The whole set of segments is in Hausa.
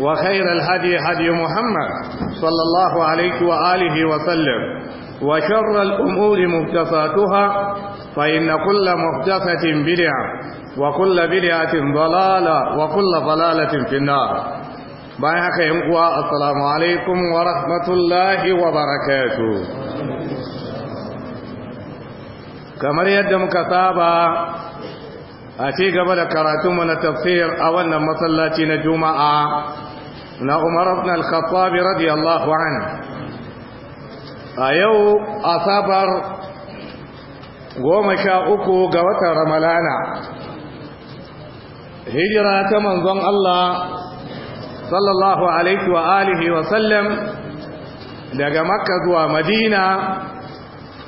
وخير الهدي هدي محمد صلى الله عليه وآله وسلم وشر الأمور مهدساتها فإن كل مهدسة بدعة وكل بدعة ضلالة وكل ضلالة في النار بايحك ينقوى السلام عليكم ورحمة الله وبركاته كما يدمك سابا a ci gaba da karatunmu na tafsir a wannan masallaci na juma'a na umar ibn al-khattab radiyallahu an a yau asabar goma sha uku ga watan ramalana hijira ta manzon Allah sallallahu alaihi wa alihi wa sallam daga makka zuwa madina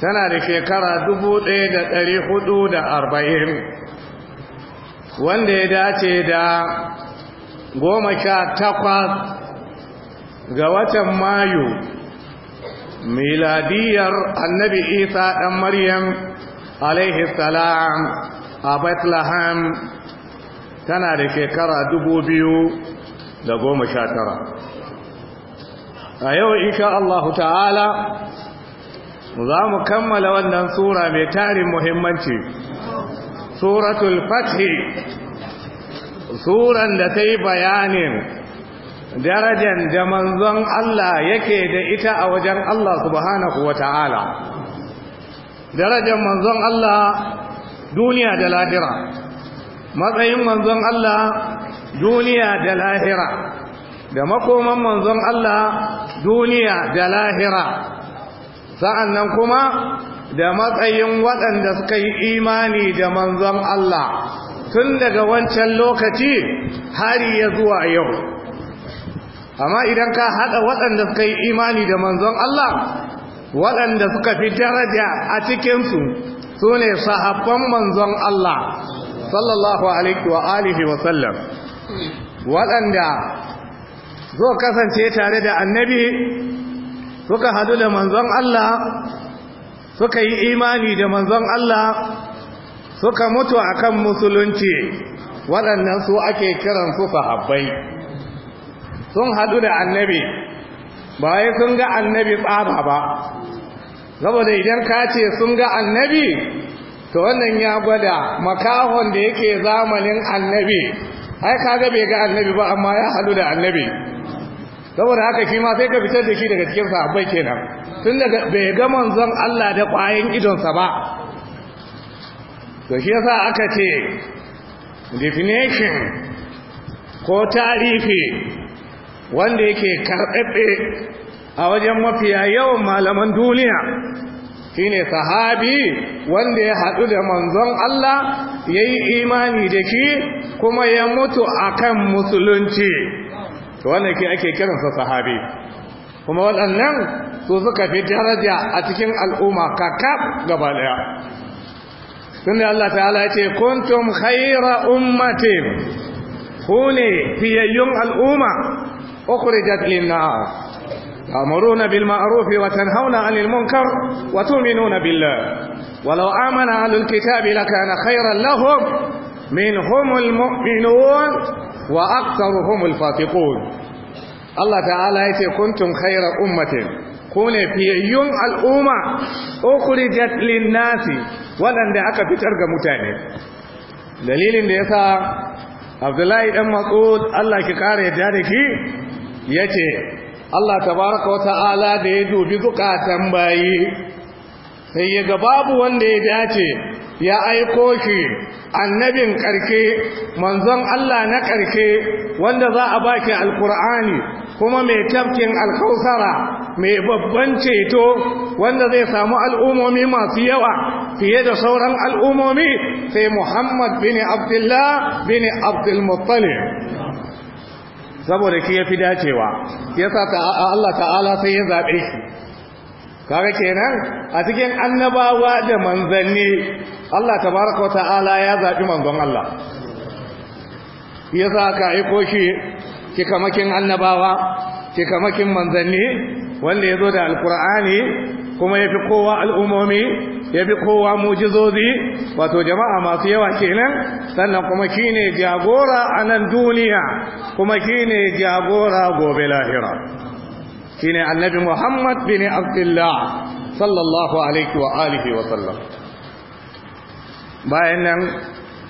tana da shekara dubu ɗaya da ɗari hudu da arba'in wanda ya dace da goma sha takwas ga watan mayu miladiyar annabi isa ɗan maryam alaihi salam a bethlehem tana da shekara dubu biyu da goma sha tara a yau insha Allahu ta'ala za mu kammala wannan sura mai tarin muhimmanci suratul fathi suran da ta yi bayanin darajan da manzon Allah yake da ita a wajen Allah subhanahu wa ta'ala darajan manzon Allah duniya da lahira matsayin manzon Allah duniya da lahira da makoman manzon Allah duniya da lahira sa'annan kuma da matsayin waɗanda suka yi imani da manzon Allah tun daga wancan lokaci har ya zuwa yau amma idan ka haɗa waɗanda suka yi imani da manzon Allah waɗanda suka fi daraja a cikinsu su ne sahabban manzon Allah sallallahu alaihi wa alihi wa sallam waɗanda zo kasance tare da annabi suka haɗu da manzon Allah suka yi imani da manzon Allah suka mutu akan musulunci waɗannan su ake kiran su sahabbai sun haɗu da annabi ba wai sun ga annabi tsaba ba saboda idan ka ce sun ga annabi to wannan ya gwada makahon da yake zamanin annabi ai kaga bai ga annabi ba amma ya haɗu da annabi saboda haka shi ma sai ka fitar da shi daga cikin sahabbai kenan tun daga bai ga manzon Allah da ƙwayan idonsa ba to shi yasa aka ce definition ko tarihi wanda yake karɓaɓɓe a wajen mafiya yawan malaman duniya shine sahabi wanda ya haɗu da manzon Allah ya yi imani da shi kuma ya mutu akan musulunci to wannan ke ake kiransa sahabi kuma waɗannan su suka fi daraja a cikin al'umma kakaf gaba ɗaya Tunda Allah ta'ala ya ce kuntum khaira ummatin ku ne fiyayyun al'umma ukhrijat lin-nas تأمرون بالمعروف وتنهون عن المنكر وتؤمنون بالله ولو آمن أهل الكتاب لكان خيرا لهم منهم المؤمنون wa aktsaruhumul fasiqun Allah ta'ala yace kuntum khayra ummatin kune fiyayyun al'umma ukhrijat lin-nasi waɗanda aka fitar ga mutane dalilin da yasa Abdullahi dan Mas'ud Allah ki kare da dake yace Allah tabaraka wa ta'ala da ya dubi zukatan bayi sai ya ga babu wanda ya dace ya aiko shi annabin ƙarke manzon Allah na ƙarke wanda za a baki alkur'ani kuma mai tafkin alkausara mai babban ceto wanda zai samu al'umomi masu yawa fiye da sauran al'umomi sai Muhammad bin Abdullah bin Abdul saboda ki yafi dacewa yasa ta Allah ta'ala sai ya zaɓe shi kaga kenan a cikin annabawa da manzanni Allah tabaraka ta'ala ya zaɓi manzon Allah yasa ka aiko shi makin annabawa makin manzanni wanda yazo da alkur'ani kuma ya fi kowa al'ummomi ya kowa mujizozi wato jama'a masu yawa kenan sannan kuma shine jagora a duniya kuma shine jagora gobe lahira shine annabi Muhammad bin Abdullah sallallahu alaihi wa alihi wa sallam bayan nan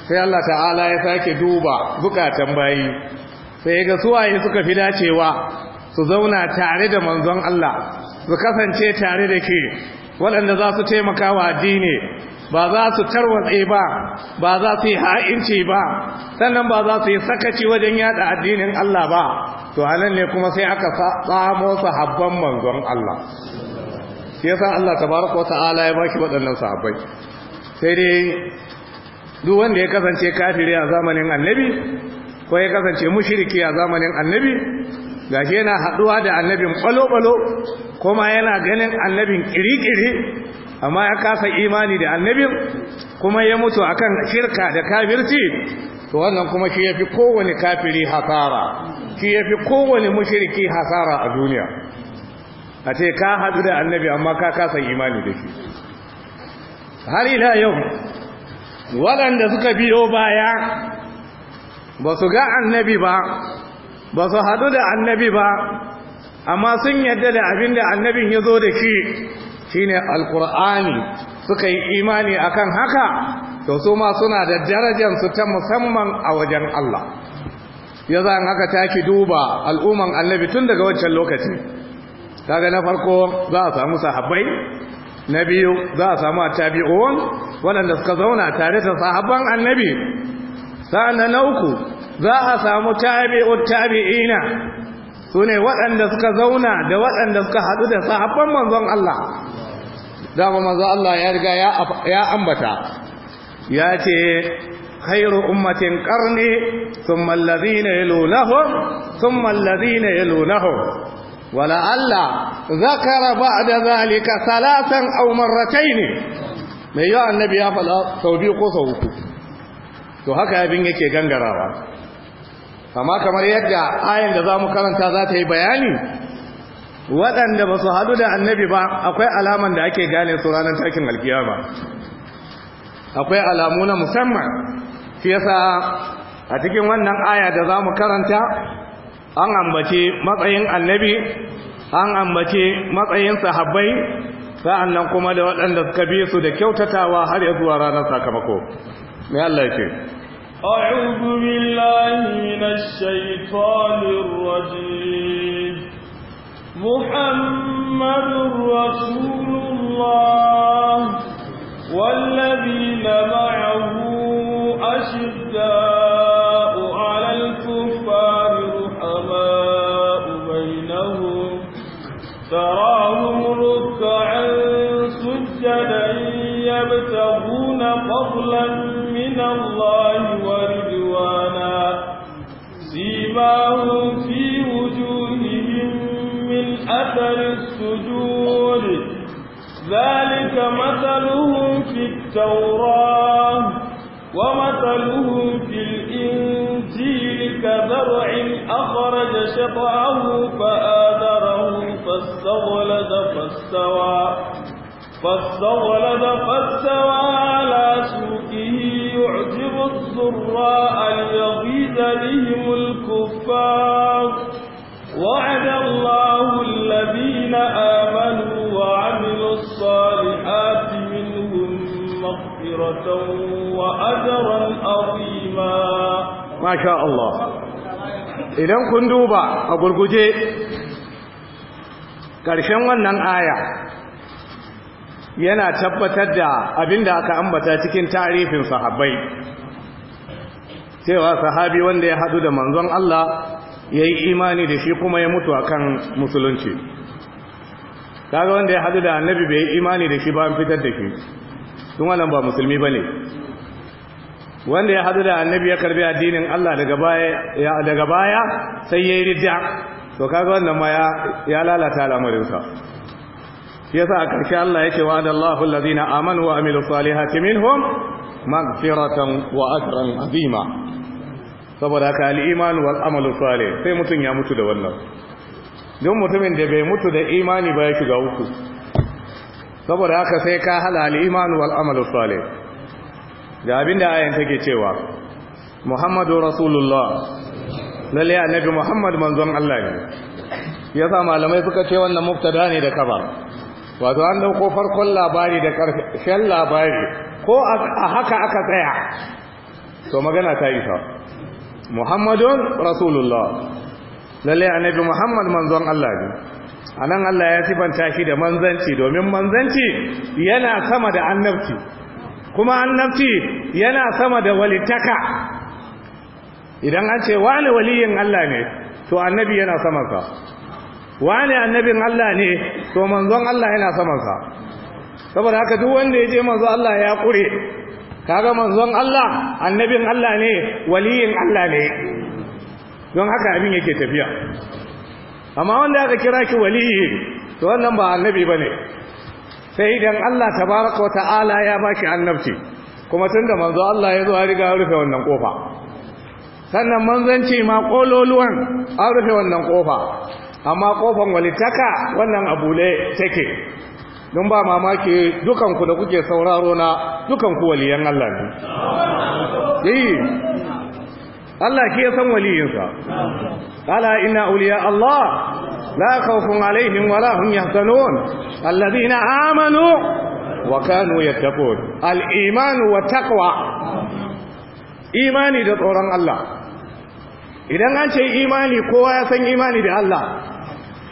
sai Allah ta'ala ya sake duba bukatan bayi sai ga suwaye suka fi dacewa su zauna tare da manzon Allah su kasance tare da ke waɗanda za su taimaka wa addini ba za su tarwatse ba ba za su yi ha'inci ba sannan ba za su yi sakaci wajen yada addinin Allah ba to anan ne kuma sai aka tsamo sahabban manzon Allah sai yasa Allah tabaraka wa ta'ala ya baki waɗannan sahabbai sai dai duk wanda ya kasance kafiri a zamanin annabi ko ya kasance mushriki a zamanin annabi gashi yana haɗuwa da annabin kwalo-kwalo kuma yana ganin annabin kiri-kiri amma ya kasa imani da annabin kuma ya mutu akan shirka da kafirci to wannan kuma shi yafi kowane kafiri hasara shi yafi kowane mushriki hasara a duniya a ce ka haɗu da annabi amma ka kasa imani da shi har ila yau waɗanda suka biyo baya ba su ga annabi ba ba su haɗu da annabi ba amma sun yadda da abin da annabin ya zo da shi shine alqur'ani suka yi imani akan haka to su ma suna da darajar su ta musamman a wajen Allah ya zan haka taki duba al'umman annabi tun daga wancan lokaci kaga na farko za a samu sahabbai na biyu za a samu tabi'un waɗanda suka zauna tare da sahabban annabi sa'annan na uku za a samu tabi'ut tabi'ina sune ne waɗanda suka zauna da waɗanda suka haɗu da sahabban manzon Allah dama manzo Allah ya riga ya ambata ya ce khairu ummatin qarni thumma alladhina yalunahum thumma alladhina yalunahum wala alla zakara ba'da zalika salatan aw marratayn mai yawa annabi ya fada sau biyu ko sau uku to haka abin yake gangarawa amma kamar yadda ayan da zamu karanta za ta yi bayani waɗanda ba su haɗu da annabi ba akwai alaman da ake gane su ranar takin alkiyama akwai alamu na musamman fi yasa a cikin wannan aya da za mu karanta an ambace matsayin annabi an ambace matsayin sahabbai nan kuma da waɗanda suka bi su da kyautatawa har ya zuwa ranar sakamako mai Allah ce أعوذ بالله من الشيطان الرجيم محمد رسول الله والذين معه أشداء على الكفار رحماء بينهم تراهم ركعا سجدا يبتغون فضلا من الله ورضوانا سيماهم في أثر السجود ذلك مثلهم في التوراة ومثلهم في الإنجيل كزرع أخرج شطعه فآذره فاستغلد فاستوى فاستغلد فاستوى على سوقه يعجب الزراء ليغيظ بهم الكفار وعد الله الذين آمنوا وعملوا الصالحات منهم مغفرة وأجرا عظيما ما شاء الله idan kun duba a gurguje ƙarshen wannan aya yana tabbatar da abin da aka ambata cikin tarihin sahabbai cewa sahabi wanda ya haɗu da manzon Allah ya yi imani da shi kuma ya mutu akan musulunci kaga wanda ya haɗu da annabi bai yi imani da shi ba an fitar da shi sun wannan ba musulmi ba ne wanda ya haɗu da annabi ya karbi addinin Allah daga baya sai ya yi rida to kaga wannan ma ya lalata al'amarinsa shi yasa a ƙarshe Allah ya yake wa'ada Allahu na amanu wa amilu salihati minhum magfiratan wa ajran azima saboda haka al’imanu wal amalu salih sai mutum ya mutu da wannan don mutumin da bai mutu da imani ba ya shiga uku saboda haka sai ka hada al’imanu wal amalu salih da abin da ayan take cewa muhammadu rasulullah lalle annabi muhammad manzon allah ne ya sa malamai suka ce wannan muftada ne da kaba wato an dauko farkon labari da karshen labari ko a haka aka tsaya to magana ta yi sa muhammadun rasulullah lalle annabi muhammad manzon Allah ne anan Allah ya sifanta shi da manzanci domin manzanci yana sama da annabci kuma annabci yana sama da walitaka idan an ce wani waliyin Allah ne to annabi yana sa, wani annabin Allah ne to manzon Allah yana sa saboda haka duk wanda ya je manzon Allah ya kure kaga manzon Allah annabin Allah ne waliyin Allah ne don haka abin yake tafiya amma wanda aka kira ki waliyi to wannan ba annabi bane sai idan Allah tabaraka wa ta'ala ya baki annabci kuma tunda manzo Allah ya zo ya riga rufe wannan kofa sannan manzanci ma kololuwan an rufe wannan kofa amma kofan walitaka wannan abule take don ba mamaki dukanku da kuke sauraro na dukanku waliyan Allah ne yi Allah ke san waliyinsa ala inna uliya Allah la khawfun alaihim wa la hum yahzanun alladhina amanu wa kanu yattaqun al-iman wa taqwa imani da tsoron Allah idan an ce imani kowa ya san imani da Allah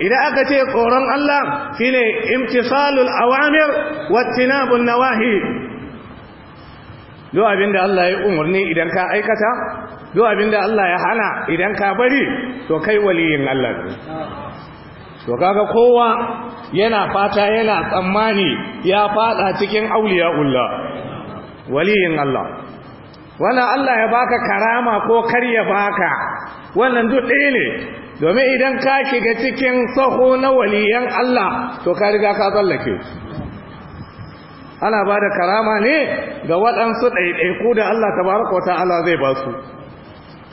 idan aka ce tsoron Allah ne imtisalul awamir wattinabun nawahi duk abinda Allah ya umarni idan ka aikata duk abinda Allah ya hana idan ka bari to kai waliyin Allah ne to kaga kowa yana fata yana tsammani ya fada cikin auliya'ullah waliyin Allah wannan Allah ya baka karama ko kar ya baka wannan duk ɗaya ne domin idan ka shiga cikin saho na waliyan Allah to ka riga ka tsallake ana ba da karama ne ga waɗansu ɗaiɗaiku da Allah Ta tabaraka wa Allah zai ba su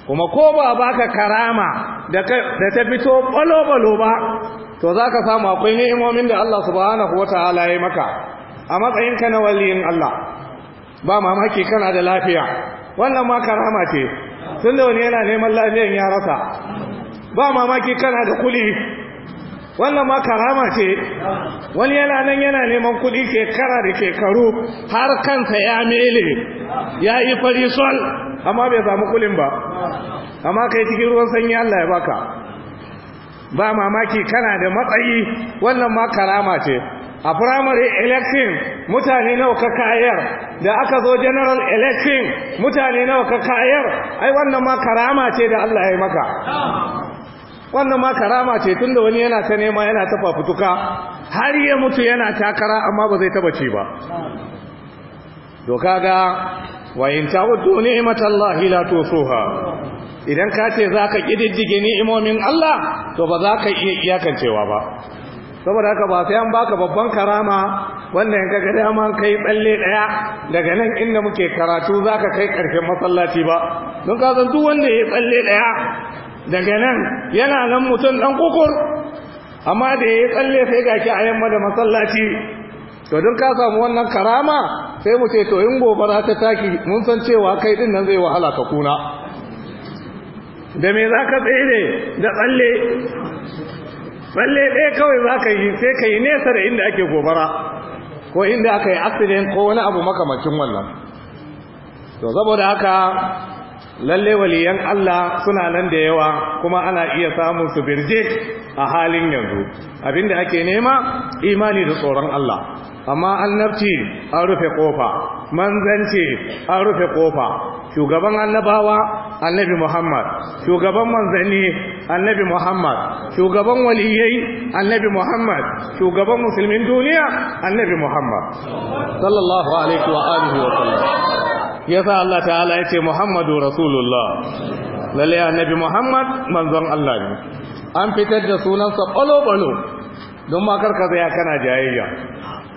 kuma ko ba baka karama da ta fito balo-balo ba to za ka samu akwai ni'imomin da Allah subhanahu wa ta'ala ya maka a matsayinka na waliyin Allah ba mamaki kana da lafiya wannan ma karama ce tun da wani yana neman lafiyan ya rasa ba mamaki kana da kuli wannan ma karama ce wani yana nan yana neman kuli ke kara da kekaru har kanta ya mele ya yi fari sol amma bai samu kulin ba amma kai cikin ruwan sanyi Allah ya baka ba mamaki kana da matsayi wannan ma karama ce a primary election mutane nawa ka kayar da aka zo general election mutane nawa ka kayar ai wannan ma karama ce da Allah ya maka wannan ma karama ce tun da wani yana ta nema yana ta fafutuka har ya mutu yana takara amma ba zai taba ci ba wayin ta wato ni'imata Allah hila to soha, idan ka ce za ka kididdige ni'imomin Allah to ba za ka iya iyakancewa ba saboda haka ba sai an baka babban karama wanda ka ga dama kai tsalle daya daga nan inda muke karatu za ka kai karshen masallaci ba don ka san duk wanda ya tsalle daya daga nan yana nan mutum ɗan kukur amma da ya yi tsalle sai ga ki a yamma da masallaci to don ka samu wannan karama sai mu ce to in gobara ta taki mun san cewa kai din nan zai wahala ka kuna da me za ka tsaye ne da tsalle tsalle ɗaya kawai za ka yi sai ka yi nesa da inda ake gobara ko inda aka yi accident ko wani abu makamacin wannan to saboda haka lalle waliyan Allah suna nan da yawa kuma ana iya samun su birje a halin yanzu abinda ake nema imani da tsoron Allah amma annabci an rufe kofa manzanci an rufe kofa shugaban annabawa annabi Muhammad shugaban manzanni annabi Muhammad shugaban waliyai annabi Muhammad shugaban musulmin duniya annabi Muhammad sallallahu alaihi wa alihi wa sallam yasa Allah ta'ala ya ce Muhammadu Rasulullah lalle annabi Muhammad manzon Allah ne an fitar da sunansa balo-balo don ma karka tsaya kana jayayya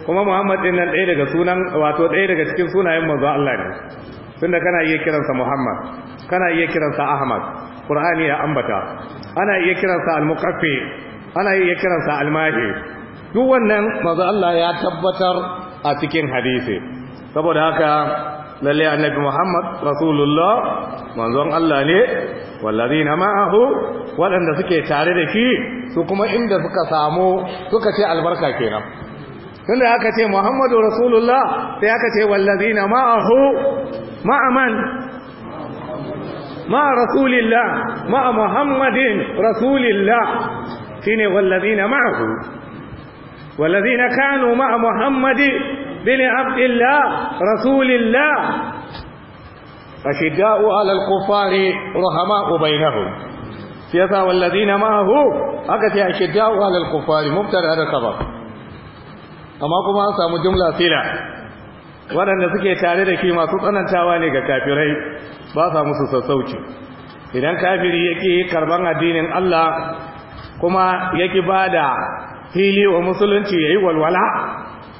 kuma Muhammad din nan ɗaya daga sunan wato ɗaya daga cikin sunayen manzon Allah ne tunda kana iya kiransa Muhammad kana iya kiransa Ahmad Qur'ani ya ambata ana iya kiransa Al-Muqaffi ana iya kiransa Al-Mahi duk wannan manzon Allah ya tabbatar a cikin hadisi saboda haka lalle annabi Muhammad rasulullah manzon Allah ne wallazina ma'ahu waɗanda suke tare da shi, su kuma inda suka samu suka ce albarka kenan tunda aka ce Muhammadu rasulullah sai aka ce wallazina ma'ahu ma'aman ma'a rasulillah ma'a Muhammadin rasulillah shine wallazina ma'ahu wallazina kanu ma'a Muhammadin بن عبد الله رسول الله أشداء على الكفار رحماء بينهم سيسا والذين معه أكت أشداء على الكفار مبتدأ هذا خبر أما كما سامو جملة سيلة waɗanda suke tare da shi masu tsanantawa ne ga kafirai ba musu sassauci idan kafiri yake karban addinin Allah kuma yaki ba da fili wa musulunci ya yi walwala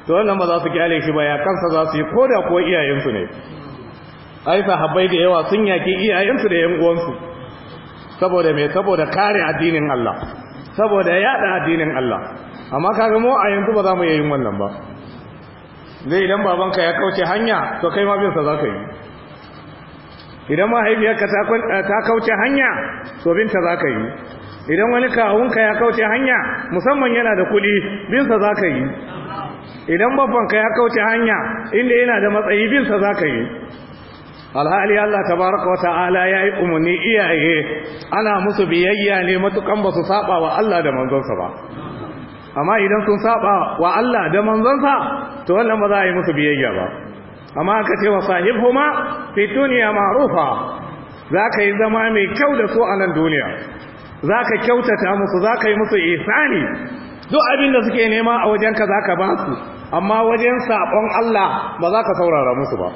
to wannan ba za su kyale shi ba ya kansa za su yi koda ko iyayensu ne ai sahabbai da yawa sun yaki iyayensu da yan uwansu saboda me saboda kare addinin Allah saboda yada addinin Allah amma kaga mu a yanzu ba za mu yayin wannan ba dai idan babanka ya kauce hanya to kai ma bin sa ka yi idan mahaifiyarka eh, ta kauce hanya to binta za ka yi idan wani kawunka ya kauce hanya musamman yana da kuɗi binsa za ka yi idan babbanka ya kauce hanya inda yana da matsayi binsa za ka yi alhali Allah tabaraka wa ta'ala ya yi umarni iyaye ana musu biyayya ne matukan ba su saba wa Allah da manzonsa ba amma idan sun saba wa Allah da manzonsa to wannan ba za a yi musu biyayya ba amma aka ce wa sahibhuma fi maarufa? ma'rufa ka yi zama mai kyau da su a nan duniya zaka kyautata musu zaka yi musu ihsani duk abin da suke nema a wajenka za ka ba su amma wajen saɓon Allah ba za ka saurara musu ba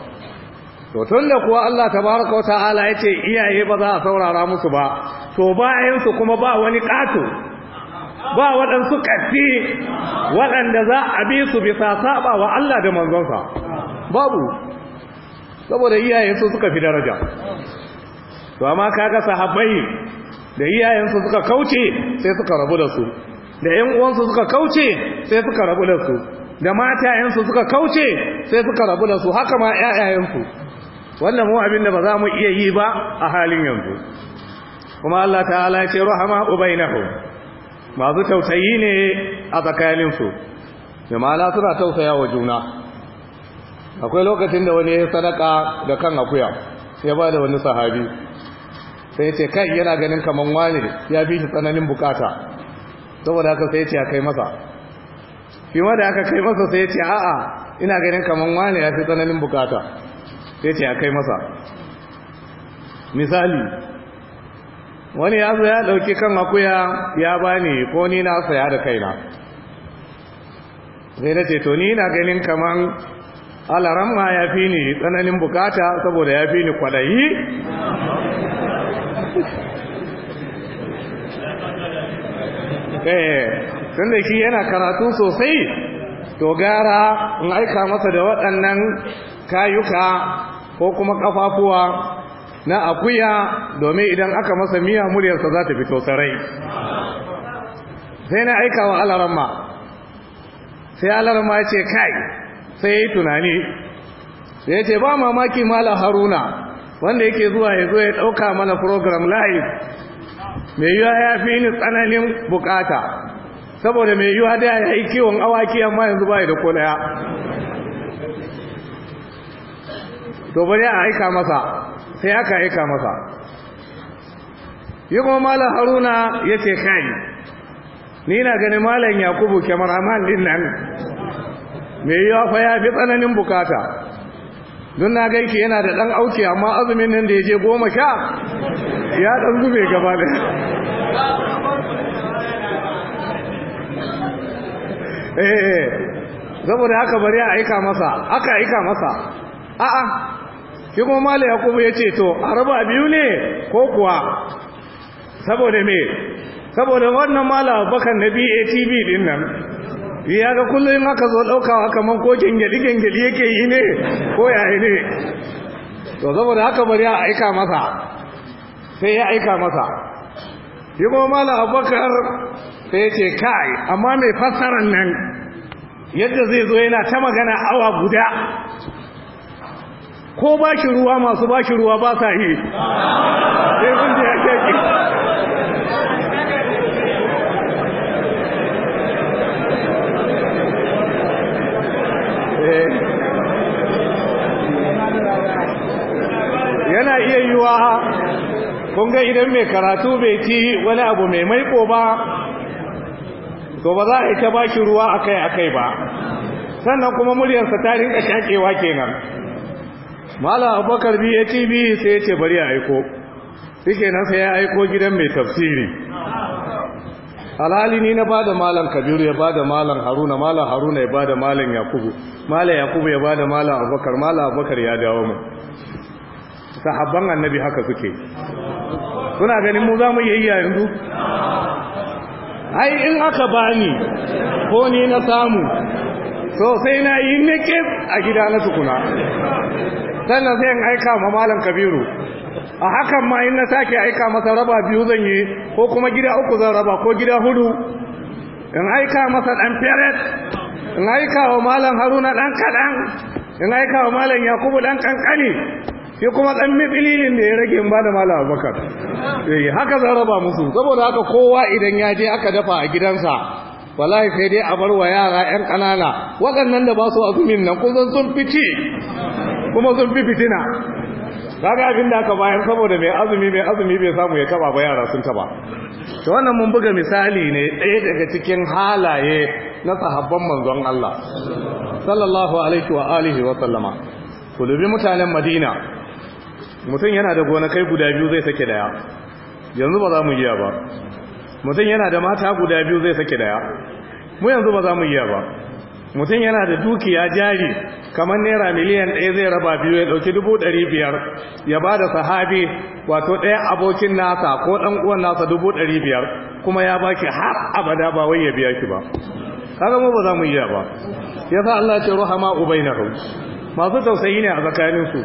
to tun da kuwa Allah ta baraka wa ta'ala ya ce iyaye ba za a saurara musu ba to bayansu kuma ba wani ƙato ba waɗansu ƙafi waɗanda za a bi su bisa saɓa wa Allah da manzonsa babu saboda iyaye su suka fi daraja to amma kaga sahabbai da iyayensu suka kauce sai suka rabu da su da yan uwansu suka kauce sai suka rabu da su da matayensu suka kauce sai suka rabu da su haka ma ƴaƴayensu wannan mu abin da ba za mu iya yi ba a halin yanzu kuma Allah ta'ala ya ce rahama masu tausayi ne a tsakaninsu jama'a suna tausaya wa juna akwai lokacin da wani ya sadaka da kan akuya ya ba da wani sahabi sai ce kai yana ganin kamar wani ya bi shi tsananin bukata saboda haka sai ya ce a kai masa shi wanda da aka kai masa sai ya ce a'a ina ganin kamar wani ya fi tsananin bukata sai ce a kai masa misali wani ya zai ya ɗauki kan akuya ya bani ko ni na saya da kaina sai na ce to ni na ganin kamar alaramma ya fi ni tsananin bukata saboda ya fi ni kwadayi Eh, tun da shi yana karatu sosai to gara in aika masa da waɗannan kayuka ko kuma ƙafafuwa na akuya domin idan aka masa miya muryarsa za ta fito sarai sai na aika wa alarama sai alarama ya ce kai sai ya yi tunani ya ce ba mamaki mala haruna wanda yake zuwa ya zo ya ɗauka mana program live mai yiwa ya fi ni tsananin bukata saboda mai yiwa da ya yi kiwon awaki amma yanzu ba da ko daya to bari a aika masa sai aka aika masa yi kuma malam haruna ya ce kai ni na gani malam yakubu kyamar amal din nan mai yiwa fa ya fi tsananin bukata don na ganki yana da ɗan auki amma azumin nan da ya je goma sha ya ɗan zube gaba da eh saboda haka bari a aika masa aka aika masa a'a shi kuma malai yakubu ya ce to a raba biyu ne ko kuwa saboda me saboda wannan mala bakan na batv din nan ya ga kullum aka zo ɗaukawa kamar ko gengeli-gengeli yake yi ne ko ya yi ne to saboda haka bari ya aika masa sai ya aika masa yi kuma mala abubakar sai ya ce kai amma mai fassarar nan yadda zai zo yana ta magana awa guda ko ba shi ruwa masu ba shi ruwa ba sa yi sai kun ji ya kun ga idan mai karatu bai ci wani abu mai maiko ba to ba za a ita ba shi ruwa akai-akai ba sannan kuma muryarsa ta rinka shakewa kenan Malam abubakar bi ya ci bi sai ya ce bari a aiko suke nan sai ya aiko gidan mai tafsiri halali ni na ba da malam kabiru ya ba da malam haruna malam haruna ya ba da malam yakubu malam yakubu ya ba da malam abubakar malam abubakar ya dawo mu sahabban annabi haka suke suna ganin mu za mu iya yi yanzu ai in aka bani ko ni na samu so sai na yi nikis a gida na tukuna sannan sai in aika ma malam kabiru a hakan ma in na sake aika masa raba biyu zan yi ko kuma gida uku zan raba ko gida hudu in aika masa dan feret in aika wa malam haruna dan kadan in aika wa malam yakubu dan kankani sai kuma ɗan mitsililin da ya rage in ba da malam abubakar eh, haka zan raba musu saboda haka kowa idan ya je aka dafa a gidansa wallahi sai dai a bar wa yara yan ƙanana. waɗannan da ba su azumin nan kusan sun fice kuma sun fi fitina ga abin da aka bayan saboda mai azumi mai azumi bai samu ya taba ba yara sun taba to wannan mun buga misali ne ɗaya daga cikin halaye na sahabban manzon Allah sallallahu alaihi wa alihi wa sallama mutanen Madina mutum yana da gonakai guda biyu zai sake daya yanzu ba za mu yiya ba mutum yana da mata guda biyu zai sake daya mu yanzu ba za mu yiya ba mutum yana da dukiya jari kamar naira miliyan ɗaya zai raba biyu ya ɗauki dubu ɗari biyar ya ba da sahabi wato ɗaya abokin nasa ko ɗan uwan nasa dubu ɗari biyar kuma ya ba ki har abada ba wai ya biya ki ba kaga mu ba za mu ya ba Ya sa Allah ce ruhama ubainahu masu tausayi ne a tsakaninsu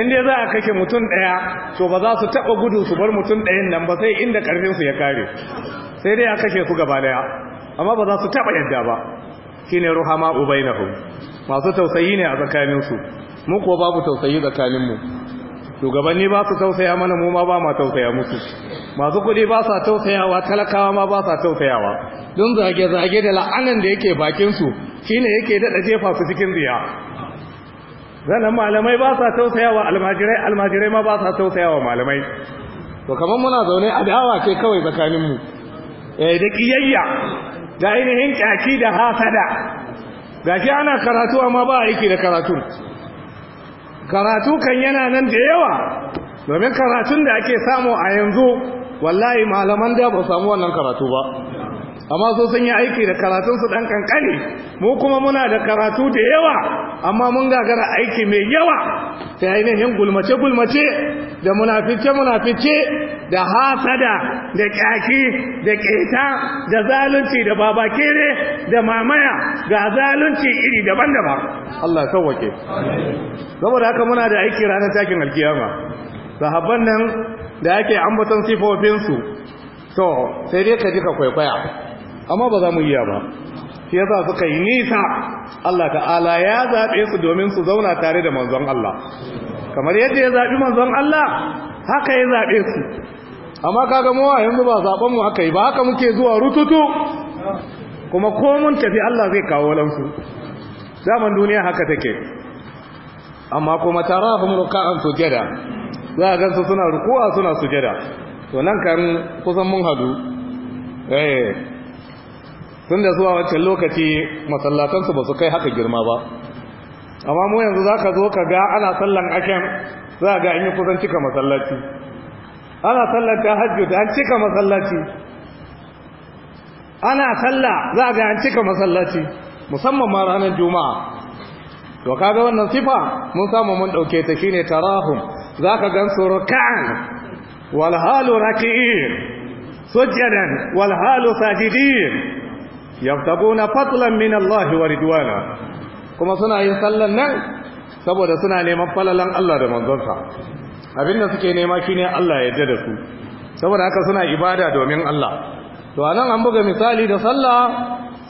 in dai za a kashe mutum ɗaya to ba za su taɓa gudu su bar mutum ɗayan nan ba sai inda ƙarfinsu ya kare sai dai a kashe su gaba ɗaya amma ba za su taɓa yadda ba shi ne ruhama ubainahu masu tausayi ne a tsakaninsu mu kuwa babu tausayi tsakaninmu shugabanni ba su tausaya mana mu ma ba ma tausaya musu masu kuɗi ba sa tausayawa talakawa ma ba sa tausayawa don zage-zage da la'anan da yake bakinsu ne yake daɗa jefa su cikin ziya sannan malamai ba sa tausayawa almajirai almajirai ma ba sa tausayawa malamai to kamar muna zaune a dawa ce kawai tsakaninmu eh da kiyayya da ainihin kyaki da hasada gashi ana karatu amma ba aiki da karatu karatu kan yana nan da yawa domin karatun da ake samu a yanzu wallahi malaman da ba samu wannan karatu ba amma so sun yi aiki da karatunsu ɗan ƙanƙani mu kuma muna da karatu da yawa amma mun gagara aiki mai yawa ta ainihin gulmace-gulmace da munafice-munafice da hasada da ƙyaki da ƙeta da zalunci da babakere da mamaya ga zalunci iri daban-daban Allah sauwake saboda haka muna da aiki ranar takin alkiyama sahabban nan da ake ambaton sifofinsu to sai dai ka ji ka kwaikwaya amma ba za mu yi ba shi yasa suka yi nisa Allah ta'ala ya zaɓe su domin su zauna tare da manzon Allah kamar yadda ya zaɓi manzon Allah haka ya zaɓe su amma kaga mu yanzu ba zaɓen mu haka yi ba haka muke zuwa rututu kuma ko mun tafi Allah zai kawo lansu zaman duniya haka take amma kuma tarahum ruk'an sujada za ga su suna ruku'a suna sujada to nan kan kusan mun hadu eh Sun da zuwa wancan lokaci masallatansu ba su kai haka girma ba amma mu yanzu za ka zo ka ga ana sallan aken za ga an yi kusan cika masallaci ana sallan ta hajji an cika masallaci ana salla za ga an cika masallaci musamman ma ranar juma'a to kaga wannan sifa mun samu mun dauke ta shine tarahum za ka gan su ruk'an wal halu raki'in sujadan wal halu sajidin yabtaguna fadlan min Allah wa ridwana kuma suna yin sallan nan saboda suna neman falalan Allah da manzonsa abinda suke nema shine Allah ya yarda da su saboda haka suna ibada domin Allah to anan an buga misali da sallah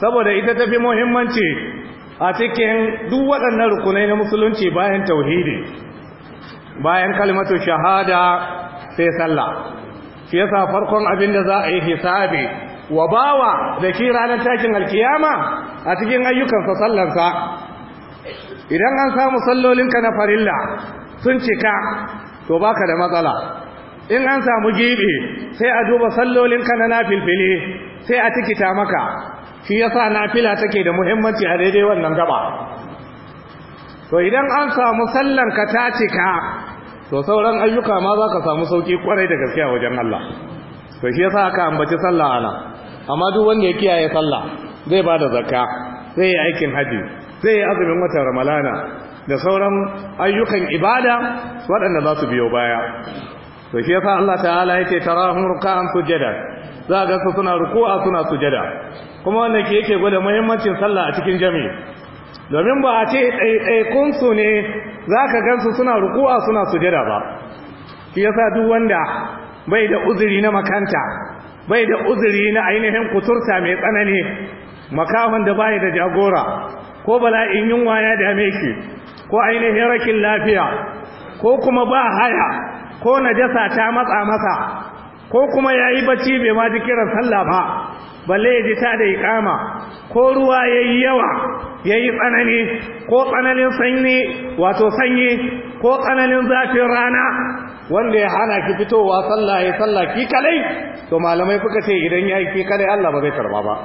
saboda ita tafi muhimmanci a cikin duk waɗannan rukunai na musulunci bayan tauhidi bayan kalmatu shahada sai sallah shi yasa farkon abin da za a yi hisabi wa bawa da ki ranar takin alkiyama a cikin ayyukansa sallansa idan an samu sallolinka na farilla sun cika to baka da matsala in an samu gibe sai a duba sallolinka na nafilfili sai a tikita maka shi yasa nafila take da muhimmanci a daidai wannan gaba to idan an samu sallanka ta cika to sauran ayyuka ma za ka samu sauki kwarai da gaskiya wajen Allah to shi yasa aka ambaci sallah ana amma duk wanda ya kiyaye sallah zai bada zakka zai yi aikin haji zai yi azumin watan ramalana da sauran ayyukan ibada waɗanda za su biyo baya to shi yasa Allah ta'ala yake tarahum ruk'an sujada za ga su suna ruku'a suna sujada kuma wannan ke yake gwada muhimmancin sallah a cikin jami'i domin ba a ce kun su ne za ka gansu suna ruku'a suna sujada ba shi yasa duk wanda bai da uzuri na makanta bai da uzuri na ainihin kuturta mai tsanani makahon da bai da jagora ko bala bala'in yunwa ya dame shi ko ainihin rakin lafiya ko kuma ba haya ko najasa ta matsa masa ko kuma ya yi bacci bai ma ji kiran sallah ba balle ya ji ta da ikama ko ruwa ya yi yawa ya yi tsanani ko tsananin sanyi wato sanyi ko tsananin zafin rana wanda ya hana ki fitowa sallah ya sallah ki kalai to malamai kuka ce idan ya yi ki kalai Allah ba zai karba ba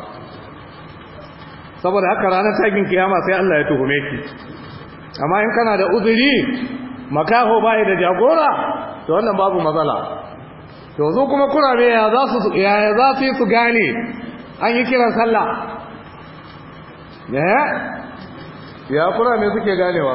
saboda haka ranar takin kiyama sai Allah ya tuhume ki amma in kana da uzuri makaho bai da jagora to wannan babu matsala to zo kuma ne ya za su ya za su su gane an yi kiran sallah eh? ya kura ne suke ganewa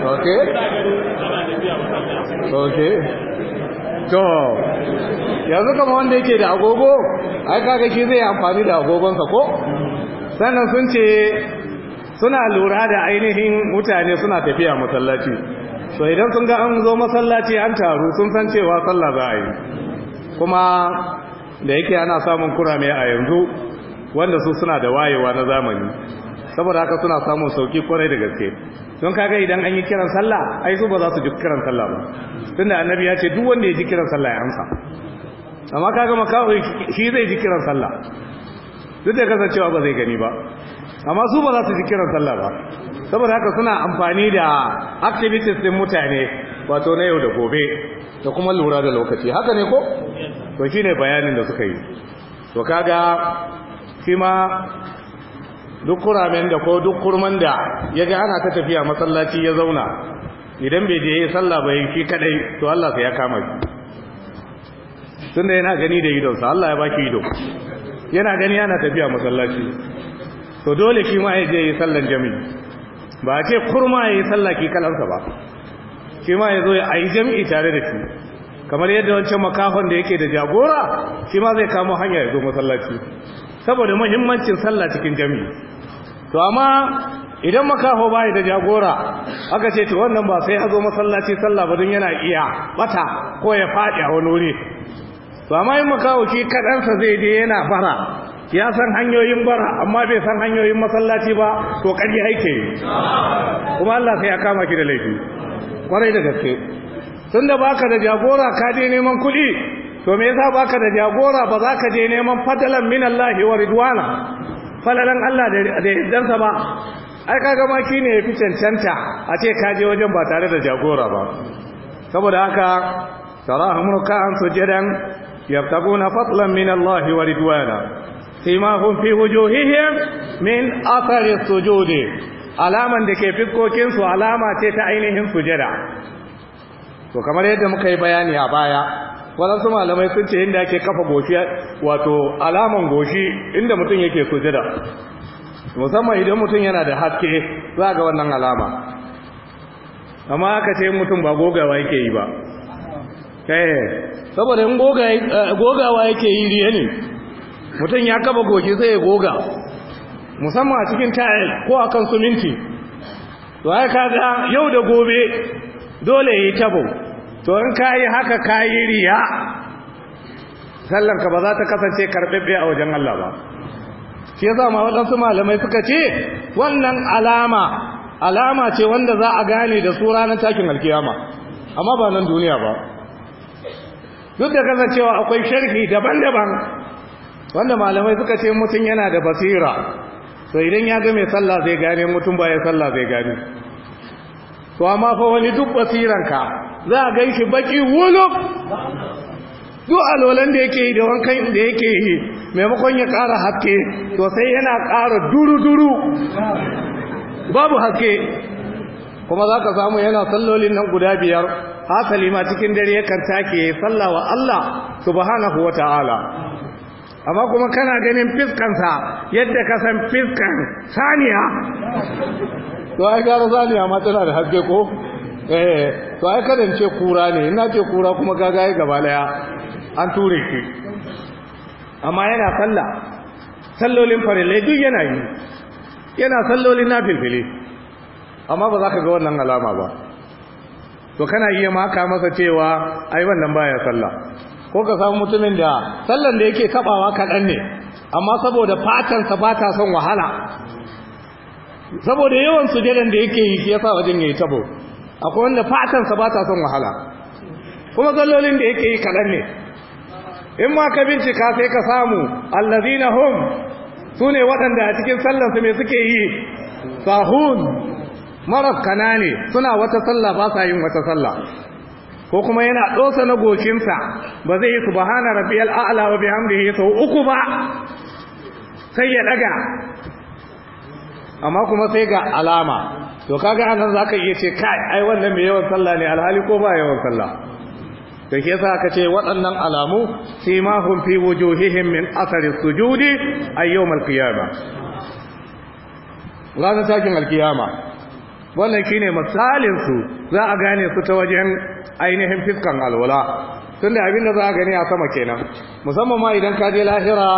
okay okay to yanzu kama wanda yake da agogo ai kaga shi zai amfani da agogonsa ko sannan sun ce suna lura da ainihin mutane suna tafiya masallaci so idan sun ga an zo masallaci an taru sun san cewa sallah za a yi kuma da yake ana samun kurame a yanzu wanda su suna da wayewa na zamani saboda haka suna samun sauki kwarai da gaske don kaga idan an yi kiran sallah ai su ba za su ji kiran sallah ba tunda annabi ya ce duk wanda ya ji kiran sallah ya amsa amma kaga maka shi zai ji kiran sallah duk da kasancewa ba zai gani ba amma su ba za su ji kiran sallah ba saboda haka suna amfani da activities din mutane wato na yau da gobe da kuma lura da lokaci haka ne ko to shine bayanin da suka yi to kaga shi ma duk kuramen da ko duk kurman da ya ga ana ta tafiya masallaci ya zauna idan bai je ya sallah ba shi kadai to Allah sai ya kama shi tunda yana gani da idonsa Allah ya baki ido yana gani ana tafiya masallaci to dole shi ma ya je ya sallan jami'i ba a ce kurma ya yi sallah ki kalansa ba shi ma ya zo ya yi jami'i tare da shi kamar yadda wancan makahon da yake da jagora shi ma zai kamo hanya ya zo masallaci saboda muhimmancin sallah cikin jami'i to amma idan makaho bai da jagora aka ce to wannan ba sai zo masallaci sallah ba don yana iya bata ko ya faɗi a wani wuri to amma in makaho shi kadansa zai je yana bara ya san hanyoyin bara amma bai san hanyoyin masallaci ba to kari yake kuma Allah sai ya kama ki da laifi kwarai da gaske tunda baka da jagora ka je neman kuɗi to me yasa baka da jagora ba za ka je neman fadalan min Allah wa ridwana falalan Allah da yaddansa ba ai kaga ma kine yafi cancanta a ce ka je wajen ba tare da jagora ba saboda haka sarahum ruk'an sujadan yabtaguna fadlan min Allah wa ridwana simahum fi wujuhihim min athari sujudi alaman da ke fikokin su alama ce ta ainihin sujada to kamar yadda muka yi bayani a baya su malamai sun ce inda ake kafa goshi wato alaman goshi inda mutum yake sujada musamman idan mutum yana da haske za ga wannan alama amma aka ce mutum ba gogawa yake yi ba eh, saboda yin eh, gogawa yake yi riya ne mutum ya kafa goshi zai goga musamman a cikin tayar ko a kan suminti to ai kaga yau da gobe dole ya yi tabo to in ka yi haka ka yi riya sallarka ba za ta kasance karɓaɓɓe a wajen Allah ba shi ya zama waɗansu malamai suka ce wannan alama alama ce wanda za a gane da su ranar takin alkiyama amma ba nan duniya ba duk da kasancewa akwai sharhi daban-daban wanda malamai suka ce mutum yana da basira to idan ya ga mai sallah zai gane mutum ba ya sallah zai gane to amma fa wani duk basiranka za a gan shi baki wuluf a alolan da yake yi da wankan da yake yi maimakon ya ƙara haske to sai yana ƙara duru-duru babu haske kuma za ka samu yana sallolin nan guda biyar hasali ma cikin dare yakan take salla wa Allah subhanahu wa ta'ala amma kuma kana ganin fiskansa yadda ka san fiskan saniya to ai gara saniya ma tana da haske ko eh to ai kadan ce kura ne ina ce kura kuma ga ya gaba daya an ture ki amma yana sallah sallolin farillai duk yana yi yana sallolin nafilfili amma ba za ka ga wannan alama ba to kana iya maka masa cewa ai wannan baya sallah ko ka samu mutumin da sallan da yake kabawa kaɗan ne amma saboda fatan ba ta son wahala saboda yawan sujadan da yake yi ya sa wajen ya yi tabo akwai wanda fatansa ba ta son wahala kuma zallolin da yake yi kaɗan ne in ma ka bincika sai ka samu allazina hum Sune ne waɗanda a cikin sallansu mai suke yi sahun marar kanane suna wata sallah ba sa yin wata sallah ko kuma yana ɗosa na sa ba zai yi su subhana rabbiyal a'la wa bihamdihi sau uku ba sai ya daga amma kuma sai ga alama to kaga anan zaka iya ce kai ai wannan mai yawan sallah ne alhali ko ba yawan sallah da ke sa ka ce waɗannan alamu sai ma hun fi wujuhihim min asarin sujudi a yau malkiyama ranar takin wannan shine misalinsu za a gane su ta wajen ainihin fiskan alwala Tunda abin da za a gani a sama kenan musamman ma idan ka je lahira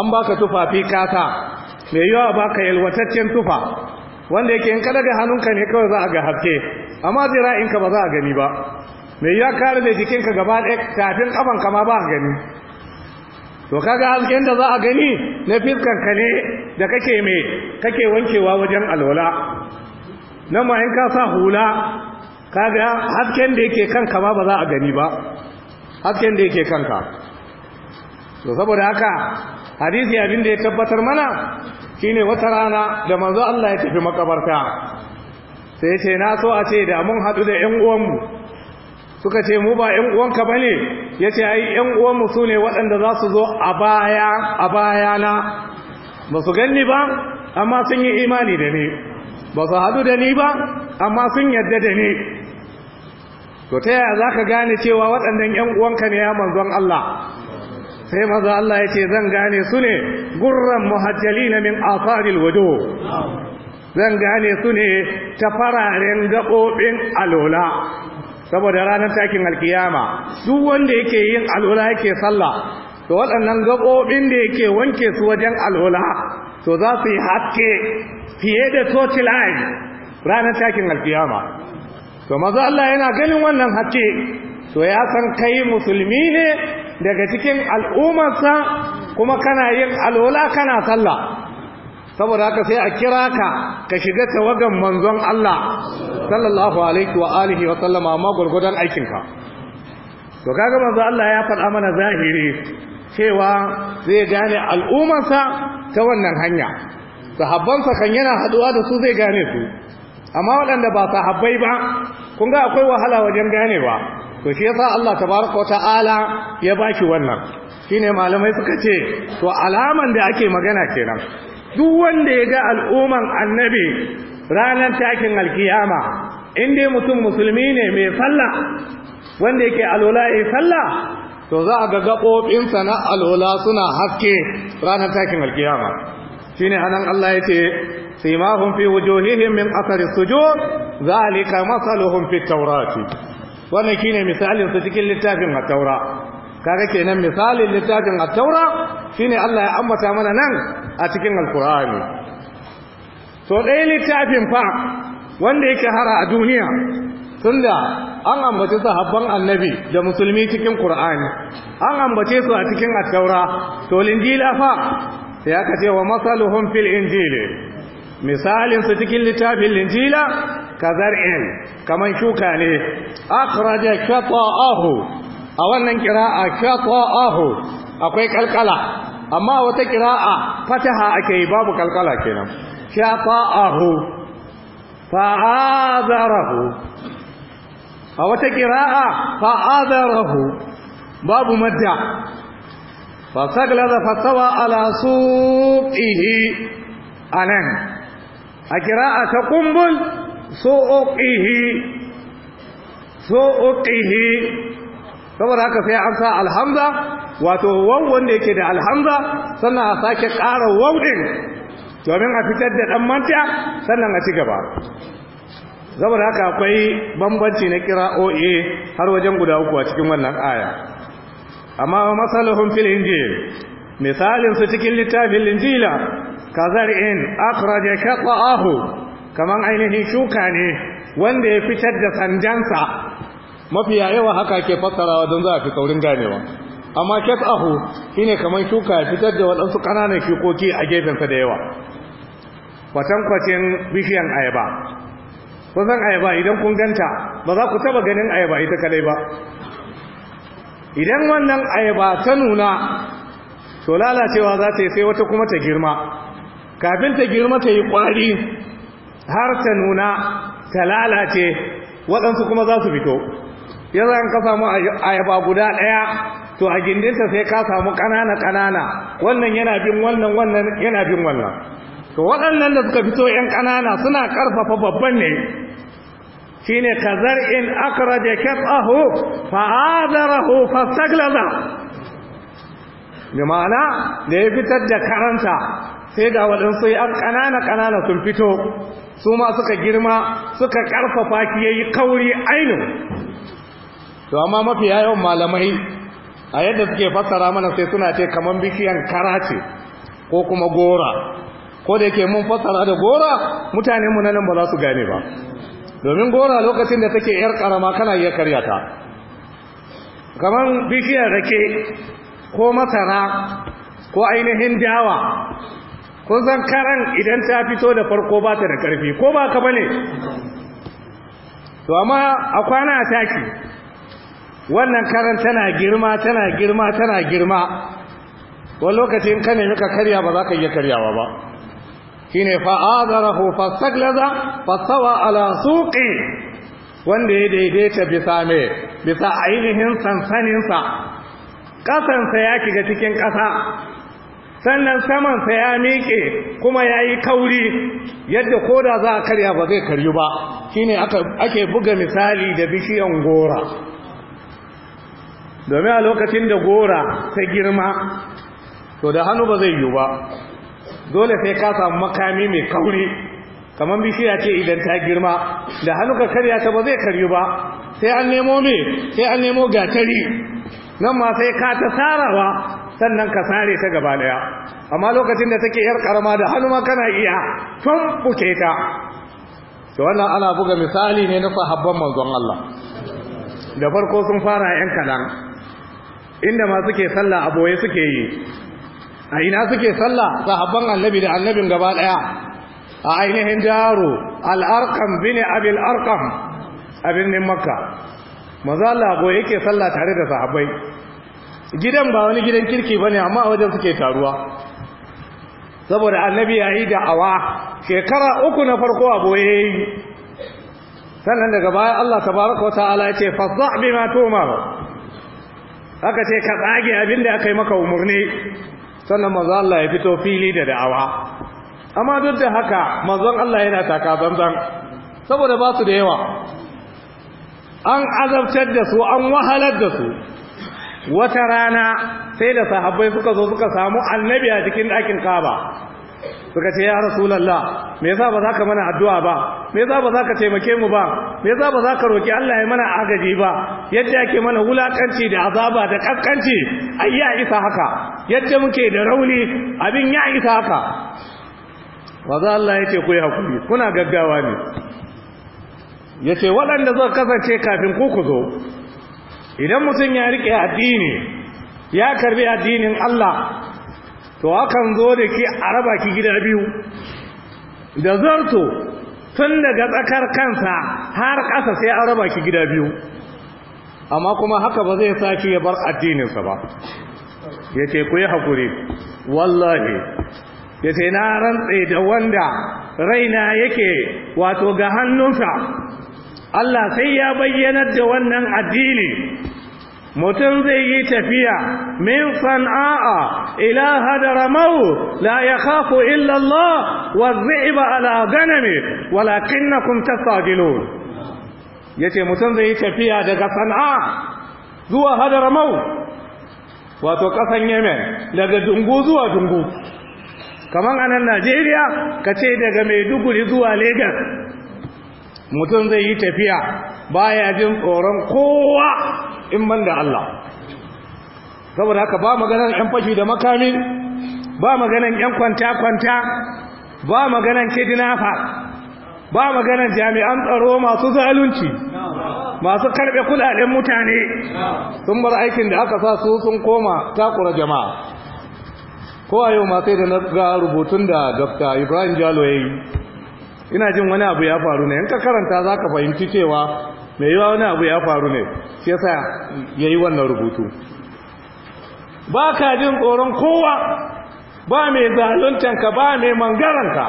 an baka tufafi kata mai yawa baka yalwataccen tufa wanda yake in ka daga hannunka ne kawai za a ga haske amma in ka ba za a gani ba mai ya kare da jikinka gaba ɗaya tafin ka ma ba a gani to kaga hasken da za a gani na ka ne da kake mai kake wankewa wajen alwala nan ma in ka sa hula kaga hasken da yake kanka ma ba za a gani ba hasken da yake kanka to saboda haka hadisi abin da ya tabbatar mana Shi ne wata rana da manzo Allah ya tafi makabarta sai ce na so a ce da mun hadu da yan uwanmu suka ce mu ba yan uwanka bane yace ai yan uwanmu ne waɗanda za su zo a baya a baya na ba su ganni ba amma sun yi imani da ni ba su haɗu da ni ba amma sun yadda da ni to ta yaya za ka gane cewa waɗannan yan uwanka ne ya manzon Allah sai maza Allah ya ce zan gane su ne gurran na min asaril wajo. zan gane su ne ta fararen gaɓoɓin alola saboda ranar takin alkiyama su wanda yake yin alola yake sallah to waɗannan gaɓoɓin da yake wanke su wajen alola to za su yi haske fiye da totilai ranar takin alkiyama to maza Allah yana ganin wannan haske to ya san kai musulmi ne daga cikin al'ummarsa kuma kana yin alwala kana sallah saboda haka sai a kira ka ka shiga tawagan manzon Allah sallallahu alaihi wa alihi wa sallama amma gurgudan aikinka to kaga manzon Allah ya faɗa mana zahiri cewa zai gane al'ummarsa ta wannan hanya sahabbansa kan yana haduwa da su zai gane su amma waɗanda ba sahabbai ba kun ga akwai wahala wajen ganewa to shi yasa Allah tabaraka wa ta'ala ya baki wannan shine malamai suka ce to alaman da ake magana kenan duk wanda ya ga al'umman annabi ranar takin alkiyama in dai mutum musulmi ne mai sallah wanda yake alola ya sallah to za a ga gaɓoɓinsa na alola suna haske ranar takin alkiyama shine anan Allah ya ce simahum fi wujuhihim min athari sujud zalika masaluhum fi tawrati wannan shine misalin su cikin littafin at-taura kaga kenan misalin littafin at-taura shine Allah ya ambata mana nan a cikin alqur'ani to dai littafin fa wanda yake hara a duniya tunda an ambace sahabban annabi da musulmi cikin qur'ani an ambace su a cikin at-taura to linjila fa sai aka ce wa masaluhum fil injili Misalin su cikin littafin linjila kazar'in kaman shuka ne akhraja shata'ahu a wannan kira'a shata'ahu akwai kalkala amma wata kira'a fataha ake yi babu kalkala kenan shata'ahu fa'azarahu a wata kira'a fa'azarahu babu madda fasaglaza fasawa ala suqihi anan a a ta kumbul so'oqihi saboda haka sai an sa alhamza wato wau wanda yake da alhamza sannan a sake ƙara wau din domin a fitar da dan manta sannan a ci gaba saboda haka akwai bambanci na kira'o'i har wajen guda uku a cikin wannan aya amma masalahun fil injil misalin su cikin littafin injila kazar in akhraja shat'ahu kaman ainihin shuka ne wanda ya fitar da sandansa mafi yawa haka ke fassarawa don za a fi saurin ganewa amma shat'ahu shine kaman shuka ya fitar da waɗansu kananan shukoki a gefensa da yawa kwacin bishiyan ayaba san ayaba idan kun ganta ba za ku taba ganin ayaba ita kadai ba idan wannan ayaba ta nuna to lalacewa za ta yi sai wata kuma ta girma kafin ta girma ta yi ƙwari har ta nuna ta lalace waɗansu kuma za su fito Ya an ka samu ayaba guda ɗaya to a gindinta sai ka samu ƙanana ƙanana wannan yana bin wannan wannan yana bin wannan to waɗannan da suka fito ‘yan ƙanana suna ƙarfafa babban ne shi ne ka in akara da kyatsahu fa'adarahu fastaglaza da ma'ana da ya fitar da karanta sai ga waɗansu ya ƙanana ƙanana sun fito su ma suka girma suka ƙarfafa ki ya yi kauri ainihin to amma mafi yawan malamai a yadda suke fassara mana sai suna ce kamar bishiyan kara ce ko kuma gora ko da yake mun fassara da gora mutane mu nan ba za su gane ba domin gora lokacin da take yar karama kana iya karya ta kamar bishiyar rake ko masara ko ainihin dawa kun san karan idan ta fito da farko ba ta da ƙarfi ko ba ka bane to amma a kwana a taki wannan karan tana girma tana girma tana girma wani lokacin ka ne ka karya ba za ka iya karyawa ba shine fa'azarahu fastaglaza Fassawa ala suqi wanda ya daidaita bisa me bisa ainihin sansaninsa ƙasansa ya kiga cikin ƙasa sannan saman sa ya miƙe kuma ya yi kauri yadda ko da za a karya ba zai karyu ba shine ake buga misali da bishiyan gora domin a lokacin da gora ta girma to da hannu ba zai yiwu ba dole sai ka samu makami mai kauri kamar bishiya ce idan ta girma da hannu ka karya ta ba zai karyu ba sai an nemo me sai an nemo gatari nan ma sai ka ta sarawa sannan ka sare ta gaba daya amma lokacin da take yar karama da hannu ma kana iya tun buke ta to wannan ana buga misali ne na sahabban manzon Allah da farko sun fara yan kalan inda ma suke sallah aboye suke yi a ina suke sallah sahabban annabi da annabin gaba daya a ainihin daro al-arqam bin al arqam a birnin makka maza Allah aboye yake sallah tare da sahabbai gidan ba wani gidan kirki ba ne amma wajen suke taruwa saboda annabi ya yi da'awa shekara uku na farko a boye sannan daga baya Allah tabaraka wata'ala ya ce fasda ma ba. aka ce ka tsage abin da aka yi maka umarni sannan manzo Allah ya fito fili da da'awa amma duk da haka manzon Allah yana taka zanzan saboda ba su da yawa an azabtar da su an wahalar da su wata rana sai da sahabbai suka zo suka samu annabi a cikin ɗakin kaba suka ce ya rasulallah me yasa ba za ka mana addu'a ba me yasa ba za ka taimake mu ba me yasa ba za ka roki Allah ya mana agaji ba yadda yake mana wulakanci da azaba da kaskanci ai ya isa haka yadda muke da rauni abin ya isa haka waza Allah yake ku hakuri kuna gaggawa ne yace waɗanda zai kasance kafin ku ku zo idan mutum ya riƙe addini ya karbi addinin Allah to akan zo da ke a raba ki gida biyu da zarto tun daga tsakar kansa har ƙasa sai an raba ki gida biyu amma kuma haka ba zai sake ya bar addininsa ba ya ce ku yi haƙuri wallahi ya ce na rantse da wanda raina yake wato ga hannunsa Allah sai ya bayyanar da wannan addini mutum zai yi tafiya min sana'a ila hadramaut la yakhafu illa Allah wa dhi'ba ala ganami walakinnakum tasadilun yace mutum zai yi tafiya daga sana'a zuwa hadramaut wato kasan Yemen daga dungu zuwa dungu kaman anan Najeriya kace daga Maiduguri zuwa Lagos mutum zai yi tafiya baya jin tsoron kowa in ban da Allah saboda haka ba maganan yan fashi da makami ba maganan yan kwanta-kwanta ba maganan kidnafa ba maganan jami'an tsaro masu zalunci masu karɓe kudaden mutane sun bar aikin da aka sa su sun koma takura jama'a ko a yau masai sai da na ga rubutun da dr ibrahim jalo ya yi ina jin wani abu ya faru ne in ka karanta za ka fahimci cewa mai yiwa wani abu ya faru ne shi yasa ya yi wannan rubutu ba ka jin tsoron kowa ba mai zaluntanka ba mai mangaranka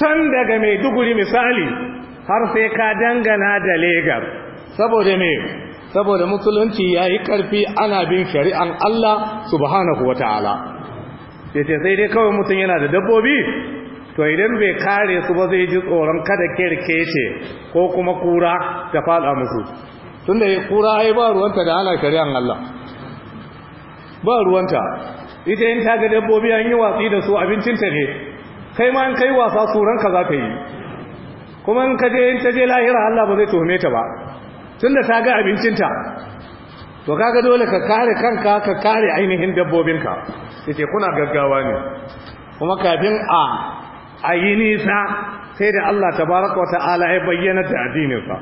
can daga mai duguri misali har sai ka dangana da legar saboda ne saboda musulunci ya yi ƙarfi ana bin shari'an Allah subhanahu wa ta'ala ya ce sai dai kawai mutum yana da dabbobi to idan bai kare su ba zai ji tsoron kada ce ko kuma kura ta fada musu tunda kura ai ba ruwanta da ana shari'an Allah ba ruwanta ita in ta ga dabbobi an yi watsi da su abincin ta ne kai ma in kai wasa suranka za ka yi kuma in ka je in ta je lahira Allah ba zai tuhume ta ba tunda ta ga abincinta to kaga dole ka kare kanka ka kare ainihin dabbobinka yace kuna gaggawa ne kuma kafin a a yi nisa sai da Allah tabaraka wata'ala ya bayyana da addininsa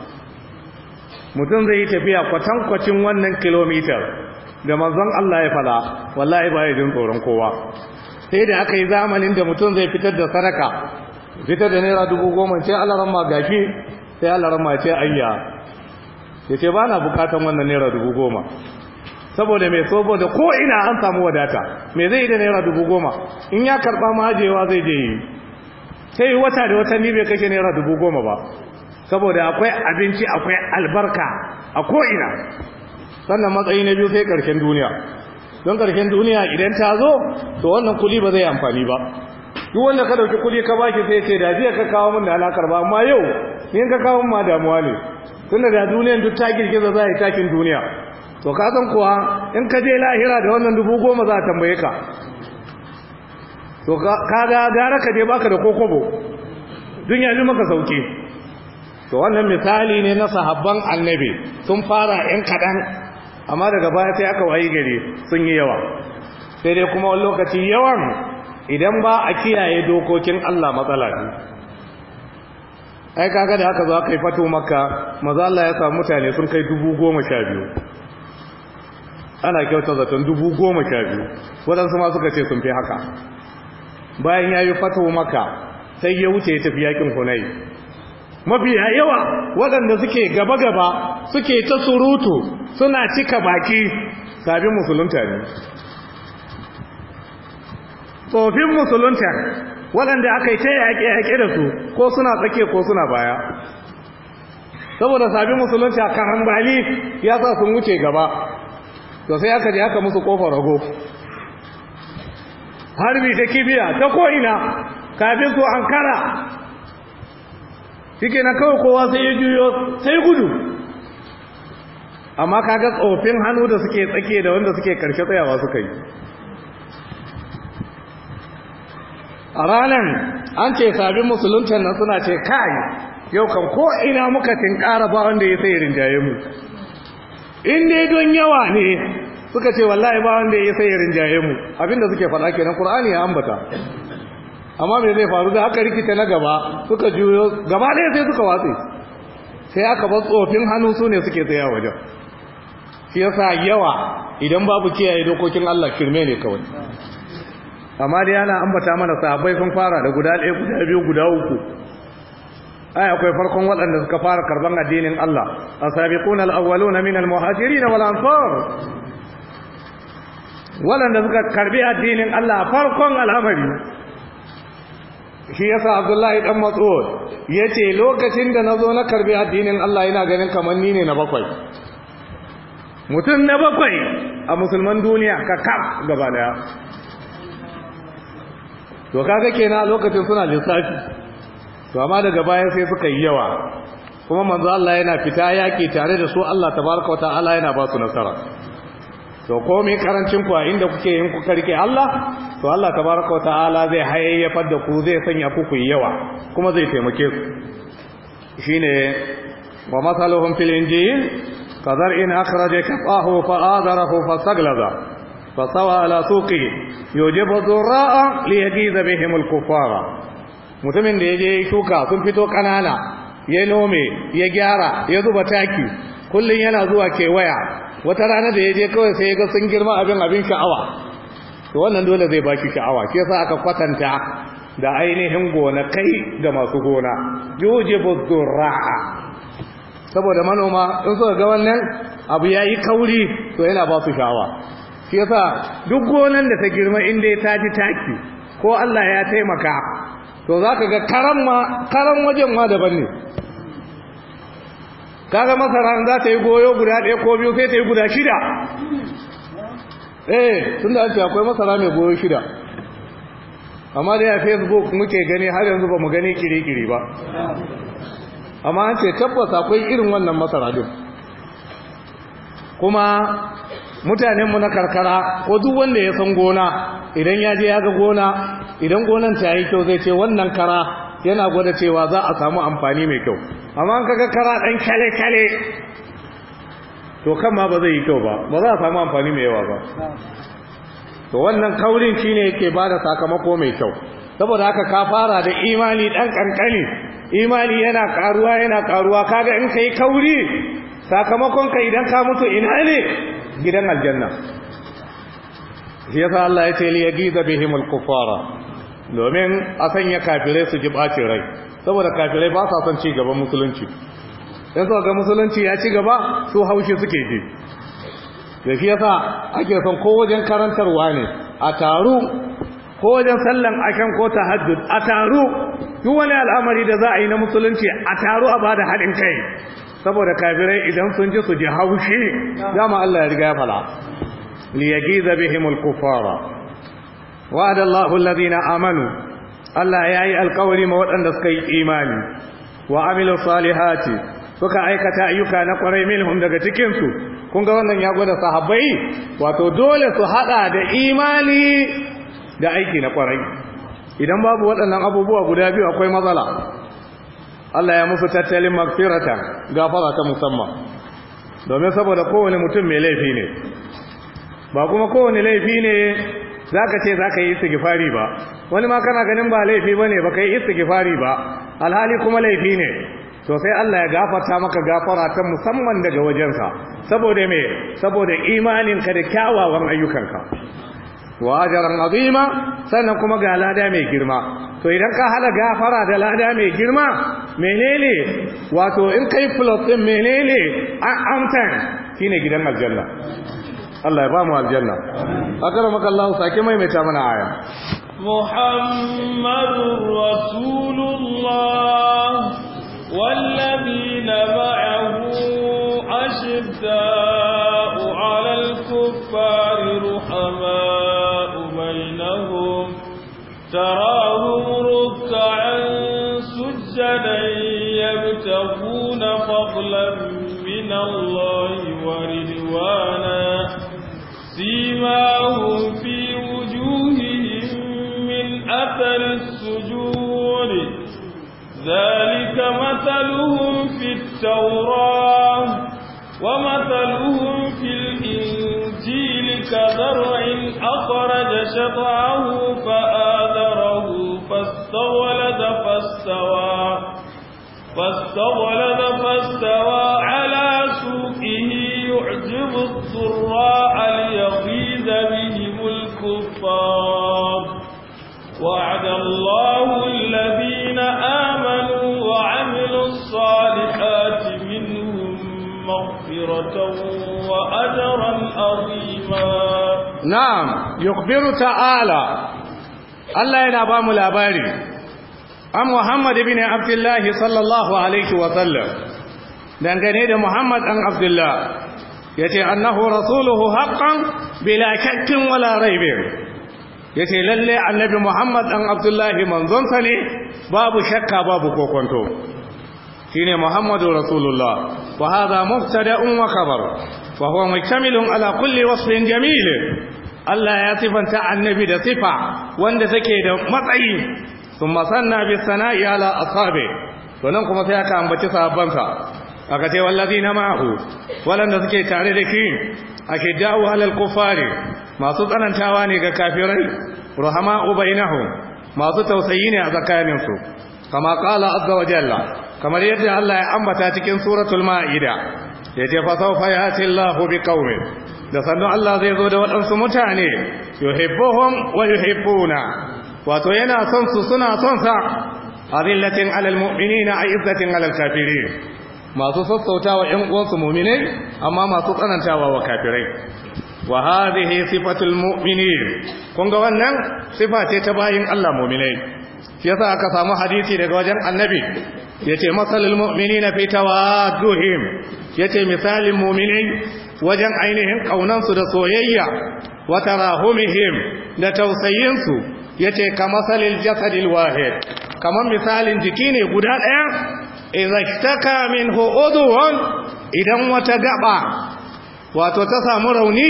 mutum zai yi tafiya kwatankwacin wannan kilomitar da manzon Allah ya fada wallahi ba ya jin tsoron kowa sai da aka yi zamanin da mutum zai fitar da sadaka fitar da naira dubu goma ce Allah ramma gashi sai Allah ramma ce ayya ya ce ba na bukatan wannan naira dubu goma saboda mai da ko ina an samu wadata mai zai yi da naira dubu goma in ya karba ma zai je yi sai wata da ni bai kashe naira dubu goma ba saboda akwai abinci akwai albarka a ko'ina sannan matsayi na biyu sai karshen duniya don karshen duniya idan ta zo to wannan kuli ba zai amfani ba duk wanda ka dauki kuli ka baki sai ce da jiya ka kawo min da alakar ba amma yau in ka kawo min ma damuwa ne tunda da duniyan duk ta girgiza za a yi takin duniya to ka san kuwa in ka je lahira da wannan dubu goma za a tambaye ka to kaga gara ka je baka da kokobo dun ne maka sauki to wannan misali ne na sahabban annabi sun fara yan kaɗan, amma daga baya sai aka wayi gari sun yi yawa sai dai kuma wani lokaci yawan idan ba a kiyaye dokokin Allah matsala ne ai kaga da aka zo aka yi fato makka maza Allah ya samu mutane sun kai dubu goma sha biyu ana kyauta zaton dubu goma sha biyu waɗansu ma suka ce sun fi haka bayan ya yi fatawa maka sai ya wuce ya tafi yakin hunai mafiya yawa waɗanda suke gaba-gaba suke ta surutu suna cika baki sabin musulunta ne tsofin musulunta waɗanda aka yi ta yaƙe-yaƙe da su ko suna tsake ko suna baya saboda sabin musulunta hambali ya sa sun wuce gaba to sai aka je aka musu ƙofar rago harbi ta kibiya ta ko'ina kafin su an kara shike na kawai kowa sai ya juyo sai gudu amma kaga tsofin hannu da suke tsake da wanda suke karshe tsayawa suka yi a ranar an ce sabi musuluncan nan suna ce kai yau kan ko muka tinkara ba wanda ya sai rinjaye mu in don yawa ne suka ce wallahi ba wanda ya sai rinjaye mu abinda suke faɗa kenan Qur'ani ya ambata amma me zai faru da haka rikita na gaba suka juyo gaba ɗaya sai suka watse sai aka bar tsofin hannu su ne suke tsaya wajen shi yasa yawa idan babu kiyaye dokokin Allah kirme ne kawai amma dai ana ambata mana sahabbai sun fara da guda ɗaya guda biyu guda uku ai akwai farkon waɗanda suka fara karban addinin Allah asabiquna al-awwaluna min al-muhajirin wal ansar waɗanda suka karbi addinin Allah farkon al'amari shi yasa Abdullahi dan Mas'ud yace lokacin da nazo na karbi addinin Allah yana ganin kamar ni ne na bakwai mutum na bakwai a musulman duniya ka kaf gaba daya to kaga kenan lokacin suna lissafi to amma daga baya sai suka yi yawa kuma manzo Allah yana fita yaki tare da su Allah tabaraka wa ta'ala yana ba su nasara to komai karancin ku a inda kuke yin ku karke Allah to Allah tabaraka wa ta'ala zai hayayyafar da ku zai sanya ku kuyi yawa kuma zai taimake ku shine wa masaluhum fil injil kadar in akhraja kafahu fa adarahu fastaglaza fa sawa ala suqihi yujibu dhurra'a li yajiza bihim al kufara mutumin da ya yaje shuka sun fito kanana ya nome ya gyara ya zuba taki kullum yana zuwa kewaya wata rana da ya je kawai sai ga sun girma abin abin sha'awa to wannan dole zai baki sha'awa shi yasa aka kwatanta da ainihin gona kai da masu gona yujibu zurra'a saboda manoma in suka ga wannan abu yayi kauri to yana ba su sha'awa shi yasa duk gonan da ta girma in dai ta ji taki ko Allah ya taimaka to zaka ga karan ma wajen ma daban ne kaga masara za ta yi goyo guda ɗaya ko biyu sai ta yi guda shida eh tun da ake akwai masara mai goyo shida amma dai a facebook muke gani har yanzu ba mu gani kiri-kiri ba amma an ce tabbas akwai irin wannan masara din kuma mutanenmu na karkara ko duk wanda ya san gona idan ya je ya ga gona idan gonan ta yi kyau zai ce wannan kara yana gwada cewa za a samu amfani mai kyau amma an kaga kara dan kale kale to kan ma ba zai yi kyau ba ba za a samu amfani mai yawa ba to wannan kaurin shine yake bada sakamako mai kyau saboda haka ka fara da imani dan kankani imani yana karuwa yana karuwa kaga in ka yi kauri sakamakon ka idan ka mutu ina ne gidan aljanna shi yasa Allah ya ce li yagiza bihim al-kufara domin a sanya kafirai su ji ɓacin rai saboda kafirai ba sa son ci gaban musulunci yanzu ga musulunci ya ci gaba su haushi suke ji da shi yasa ake son ko wajen karantarwa ne a taru ko wajen sallan akan ko ta haddu a taru duk wani al'amari da za a yi na musulunci a taru a ba da haɗin kai saboda kafirai idan sun ji su ji haushi dama Allah ya riga ya fala li yagiza wa'ada Allahu alladhina amanu Allah yayi alƙawari ma waɗanda suka yi imani wa amilu salihati suka aikata ayyuka na ƙwarai minhum daga cikin su kun ga wannan ya gwada sahabbai wato dole su hada da imani da aiki na ƙwarai idan babu waɗannan abubuwa guda biyu akwai matsala Allah ya musu tattalin magfirata gafara ta musamman domin saboda kowane mutum mai laifi ne ba kuma kowane laifi ne za ka ce za ka yi istighfari ba wani ma kana ganin ba laifi ba ne ba ka yi istighfari ba alhali kuma laifi ne to sai Allah ya gafarta maka gafara ta musamman daga wajensa saboda me saboda imaninka da kyawawan ayyukanka wa ajran azima sannan kuma ga lada mai girma to idan ka hada gafara da lada mai girma menene wato in kai plus din menene an amtan shine gidan aljanna Allah ya ba mu aljanna akramaka Allah sake maimaita mana aya Muhammadur Rasulullah wallabina ma'ahu ashidda'u 'alal kuffari ruhama'u bainahum tarahum ruk'an sujjadan yabtaghuna fadlan min Allah بما هم في وجوههم من أثر السجود ذلك مثلهم في التوراة ومثلهم في الإنجيل كذرع أخرج شطعه فآذره فاستولد فاستوى فاستولد فاستوى الأبصار وعد الله الذين آمنوا وعملوا الصالحات منهم مغفرة وأجرا عظيما نعم يخبر تعالى الله ينبام الأباري عن محمد بن عبد الله صلى الله عليه وسلم دنگني ده محمد أن عبد الله يتي أنه رسوله حقا بلا شك ولا ريب yace lalle annabi Muhammad dan Abdullahi manzonsa ne babu shakka babu kokonto shine Muhammadu Rasulullah wa hadha mubtada'un wa kabar. fa huwa muktamilun ala kulli wasfin jamil Allah ya sifanta annabi da sifa wanda take da matsayi thumma sanna bi sana'i ala ashabi to nan kuma sai aka ambaci sahabbansa aka ce wallazina ma'ahu walanda suke tare da shi ake dawo alal kufari masu tsanantawa ne ga kafirai rahama ubainahu masu tausayi ne a tsakaninsu kama kala azza wa jalla kamar yadda Allah ya ambata cikin suratul ma'ida yace fa sawfa yati Allahu biqaumin da sannan Allah zai zo da waɗansu mutane yuhibbuhum wa yuhibbuna wato yana son su suna son sa azillatin alal mu'minina aizzatin alal kafirin masu sassautawa ƴan uwansu mu'minai amma masu tsanantawa wa kafirai wa hadhihi sifatul mu'minin wannan sifa ce ta bayin Allah mu'minai shi yasa aka samu hadisi daga wajen annabi yace masalul mu'minina fi tawadduhim yace misalin mu'minai wajen ainihin ƙaunansu da soyayya wa tarahumihim da tausayinsu yace kamasalil jasadil wahid kaman misalin jiki ne guda daya idza ishtaka minhu udhun idan wata gaba wato ta samu rauni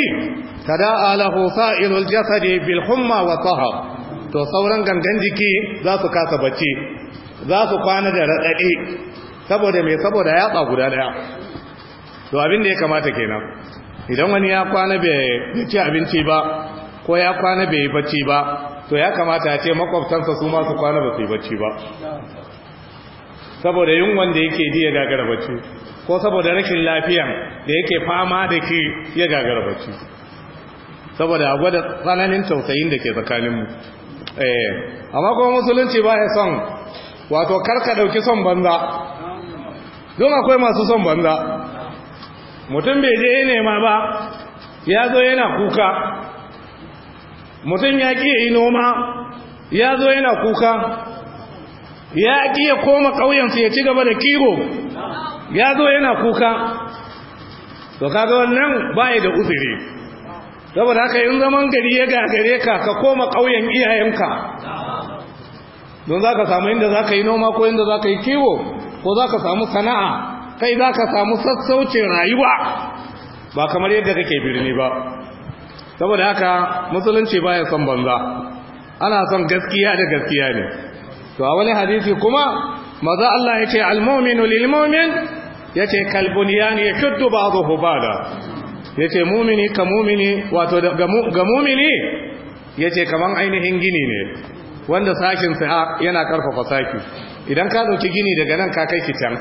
ala alahu sa'irul jasadi bil humma wa sahab to sauran gangan jiki za su kasa bacci za su kwana da raɗaɗe saboda mai saboda guda daya to abin da ya kamata kenan idan wani ya kwana bai ci abinci ba ko ya kwana bai yi bacci ba to ya kamata yace ce makwabtansa su ma su kwana ba su yi bacci ba saboda yin wanda yake ji ya gagara bacci ko saboda rashin lafiyan da yake fama da ke ya gagara baki saboda gwada tsananin tausayin da ke tsakaninmu eh, amma kuma musulunci ba ya son wato karka ɗauki son banza don akwai masu son banza mutum bai je nema ba ya zo yana kuka mutum ya ƙi yi noma ya zo yana kuka ya ƙi ya koma ƙauyensu ya ci gaba da kiwo ya zo yana kuka to kaga wannan baya da uzuri saboda haka in zaman gari ya gagare ka ka koma ƙauyen iyayenka don za ka samu inda za ka yi noma ko inda za ka yi kiwo ko za ka samu sana'a kai za ka samu sassaucin rayuwa ba kamar yadda kake birni ba saboda haka musulunci baya son banza ana son gaskiya da gaskiya ne to a wani hadisi kuma maza Allah ya ce almominu lilmomin ya ce kalbuniyani ya shuddu ba zuhu da? ya ce mumini ka mumini wato ga mumini ya ce kaman ainihin gini ne wanda sakinsa yana karfafa saki idan ka ɗauki gini daga nan ka kai can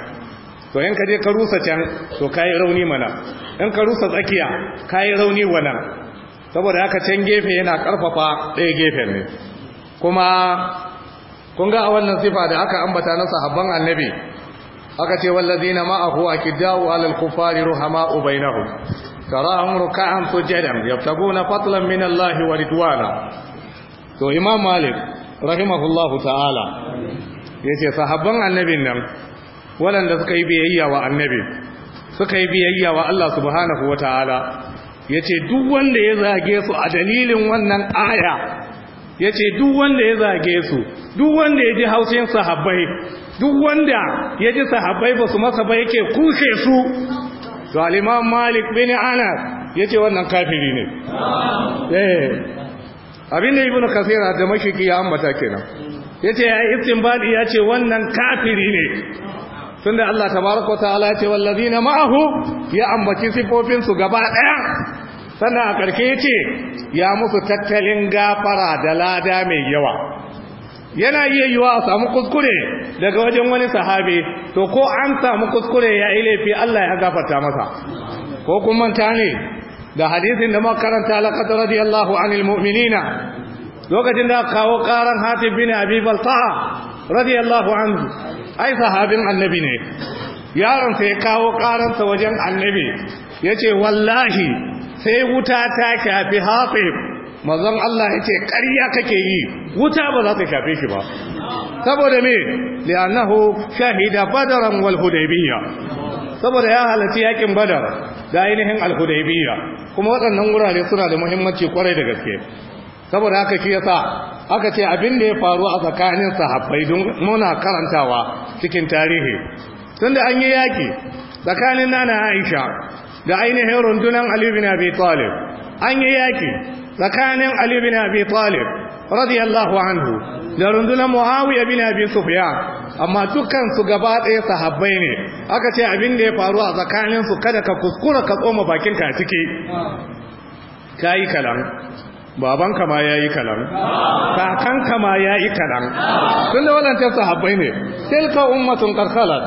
to yan ka je ka rusa can to yi rauni mana yan ka rusa tsakiya kayi rauni wannan saboda haka can gefe yana karfafa ɗaya gefen ne kuma kun ga a wannan sifa da aka ambata na sahabban annabi aka ce na ma'ahu akiddau alal kufari ruhama'u bainahum tarahum ruk'an sujadan na fadlan min Allah wa ridwana to imam malik rahimahullahu ta'ala yace sahabban annabin nan waɗanda suka yi biyayya wa annabi suka yi biyayya wa Allah subhanahu wa ta'ala ya ce duk wanda ya zage su a dalilin wannan aya ya ce duk wanda ya zage su duk wanda ya ji haushin sahabbai duk wanda ya ji sahabbai ba su masa ba yake kushe su to al'imam malik bin anas ya ce wannan kafiri ne eh, abinda ibn kasira da mashiki ya ambata kenan ya ce ya istinbadi ya ce wannan kafiri ne da Allah ta wa ta'ala ya ce na ma'ahu ya ambaci sifofin su gaba ɗaya. sannan a ƙarfi ce ya musu tattalin gafara da lada mai yawa yana iya yiwa a samu kuskure daga wajen wani sahabi to ko an samu kuskure ya yi laifi Allah ya gafarta masa ko kun manta ne da hadisin da makaranta lakata radiyallahu anil mu'minina lokacin da kawo karan hatib bin abi baltaha radiyallahu anhu ai sahabin annabi ne yaron sai kawo karansa wajen annabi ya ce wallahi sai wuta ta shafi hafi mazan Allah ya ce ƙarya kake yi wuta ba za ta shafe shi ba saboda me li'annahu shahida badaran wal hudaybiyya saboda ya halarci yakin badar da ainihin al kuma waɗannan wurare suna da muhimmanci kwarai da gaske saboda haka shi yasa aka ce abin da ya faru a tsakanin sahabbai don muna karantawa cikin tarihi tunda an yi yaki tsakanin nana Aisha da ainihin rundunan Ali bin Abi Talib an yi yaki tsakanin Ali bin Abi Talib radiyallahu anhu da rundunar Muawiya bin Abi Sufyan amma dukkan su gaba ɗaya sahabbai ne aka ce abin da ya faru a tsakanin su kada ka kuskura ka tsoma bakin ka ciki kai kalam baban kama ya yi kalan kakan kama ya yi kalan tun da waɗancan sahabbai ne tilka ummatun karkalar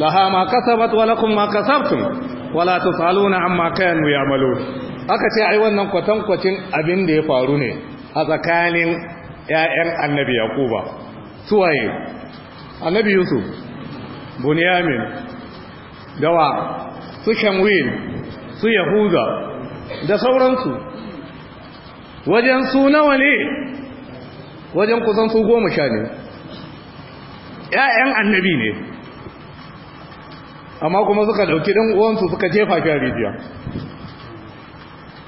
laha ma kasabat wa lakum ma kasabtum wala ta na amma ya ya'malu aka ce ai wannan kwatankwacin abin da ya faru ne a tsakanin 'ya'yan annabi yaquba suwaye annabi yusuf bunyamin dawa su shanwil su yahuda da sauransu wajen su nawa ne wajen kusan su goma sha ne ‘ya'yan annabi ne amma kuma suka dauki dan uwansu suka jefa shi rijiya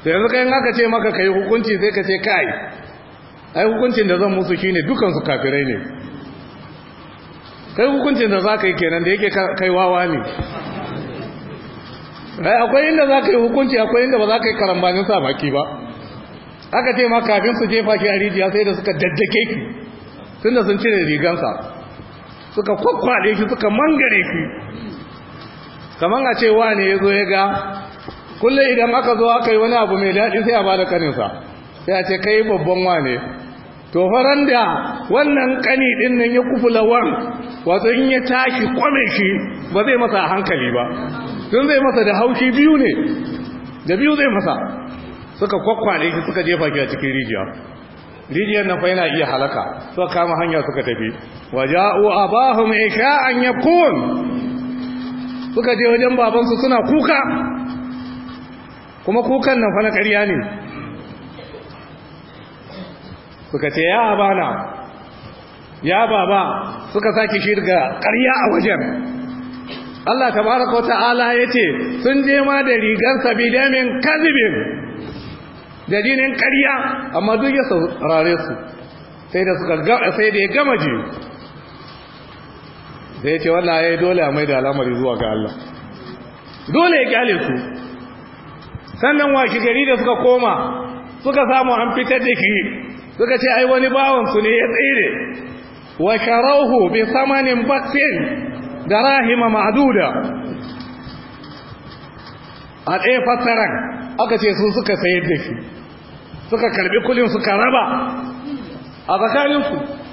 sai suka kai aka ce maka kai hukunci sai ka ce kai ai hukuncin da zan musu shine dukan su kafirai ne kai hukuncin da zaka yi kenan da yake kai wawa ne ai akwai inda zaka yi hukunci akwai inda ba zaka yi karambanin sa baki ba aka ce ma kafin su jefa ki a rijiya sai da suka daddake ki tunda sun cire rigansa suka kwakwale shi suka mangare ki kamar a ce wane ya zo ya ga kullum idan aka zo aka yi wani abu mai daɗi sai a ba da kaninsa sai a ce kai babban wane to faran da wannan kani ɗin nan ya kufula wan wato in ya tashi kwame shi ba zai masa a hankali ba tun zai masa da haushi biyu ne da biyu zai masa suka kwakwale shi suka jefa shi a cikin rijiya rijiyar nan fa yana iya halaka suka kama hanya suka tafi waja'u abahum isha'an yakun suka je wajen babansu suna kuka kuma kukan nan fana na ƙarya ne suka ce ya abana ya baba suka sake shirga ƙarya a wajen Allah tabaraka ta'ala ce sun je ma da rigar sabidamin kazibin da dinin ƙarya amma duk ya saurare su sai da ya gama je da ya ce wannan ya yi dole a mai da alamari zuwa ga Allah dole ya kyale su sannan washe gari da suka koma suka samu an fitar da ki suka ce ai wani bawansu ne ya tsire wa sharauhu bi samanin baksin da rahima ma'duda a ɗaya fassaran aka ce su suka sayar da shi suka karbi kulin suka raba a tsakaninsu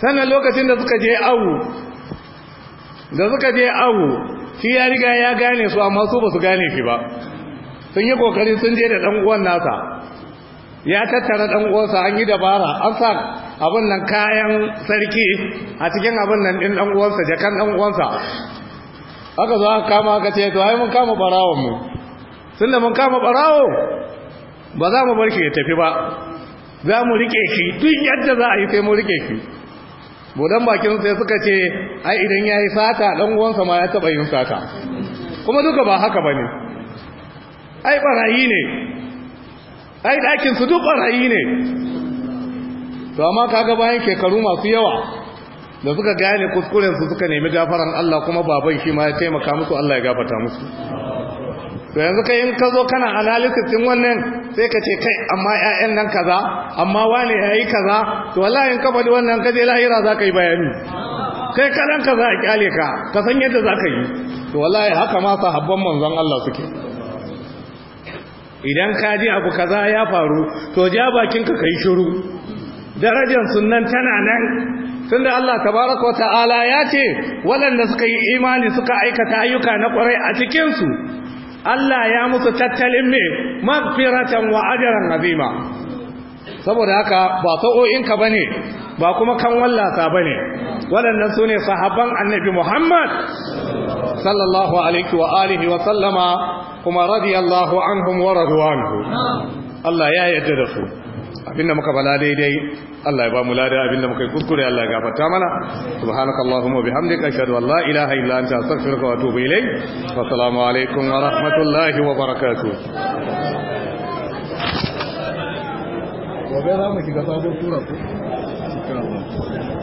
sannan lokacin da suka je awu da suka je awu shi ya riga ya gane su amma su ba su gane shi ba sun yi kokari sun je da ɗan'uwan nasa ya tattara ɗan'uwansa an yi dabara an sa abin nan kayan sarki a cikin abin nan ɗin ɗan'uwansa, jakan ɗan'uwansa. Haka aka zo aka kama aka ce to ai mun kama barawon mu da mun kama ɓarawo ba za mu bar shi ya tafi ba za mu rike shi duk yadda za a yi sai mu rike shi budan bakin sai suka ce ai idan yayi sata dan uwansa ma ya taba yin sata kuma duka ba haka bane ai barayi ne ai dakin su duk barayi ne to amma kaga bayan kekaru masu yawa da suka gane kuskuren su suka nemi gafaran Allah kuma baban shi ma ya taimaka musu Allah ya gafarta musu to yanzu kai in ka zo kana analysis din wannan sai ka ce kai amma ƴaƴan nan kaza amma wane yayi kaza to wallahi in ka faɗi wannan ka je lahira za ka yi bayani kai ka ka za a kyale ka ka san yadda za ka yi to wallahi haka ma sahabban manzon Allah suke idan ka ji abu kaza ya faru to ja bakin ka kai shiru darajar sunnan tana nan tunda Allah tabaraka Ta'ala ya ce waɗanda suka yi imani suka aikata ayyuka na ƙwarai a cikinsu Allah ya musu tattalin mai mafiratan wa ajran azima saboda haka ba sa'o'inka bane ba kuma kan wallasa bane waɗannan sune sahabban annabi Muhammad sallallahu alaihi wa alihi wa sallama kuma radiyallahu anhum wa Allah ya yarda da su abinda muka bala daidai Allah ya ba mu lada abinda muka yi kuskure Allah ya gafarta mana subhanakallahumma bihamdika ashhadu an la ilaha illa anta astaghfiruka wa atubu ilayk assalamu alaikum wa rahmatullahi wa barakatuh gobe za mu shiga sabon tura ku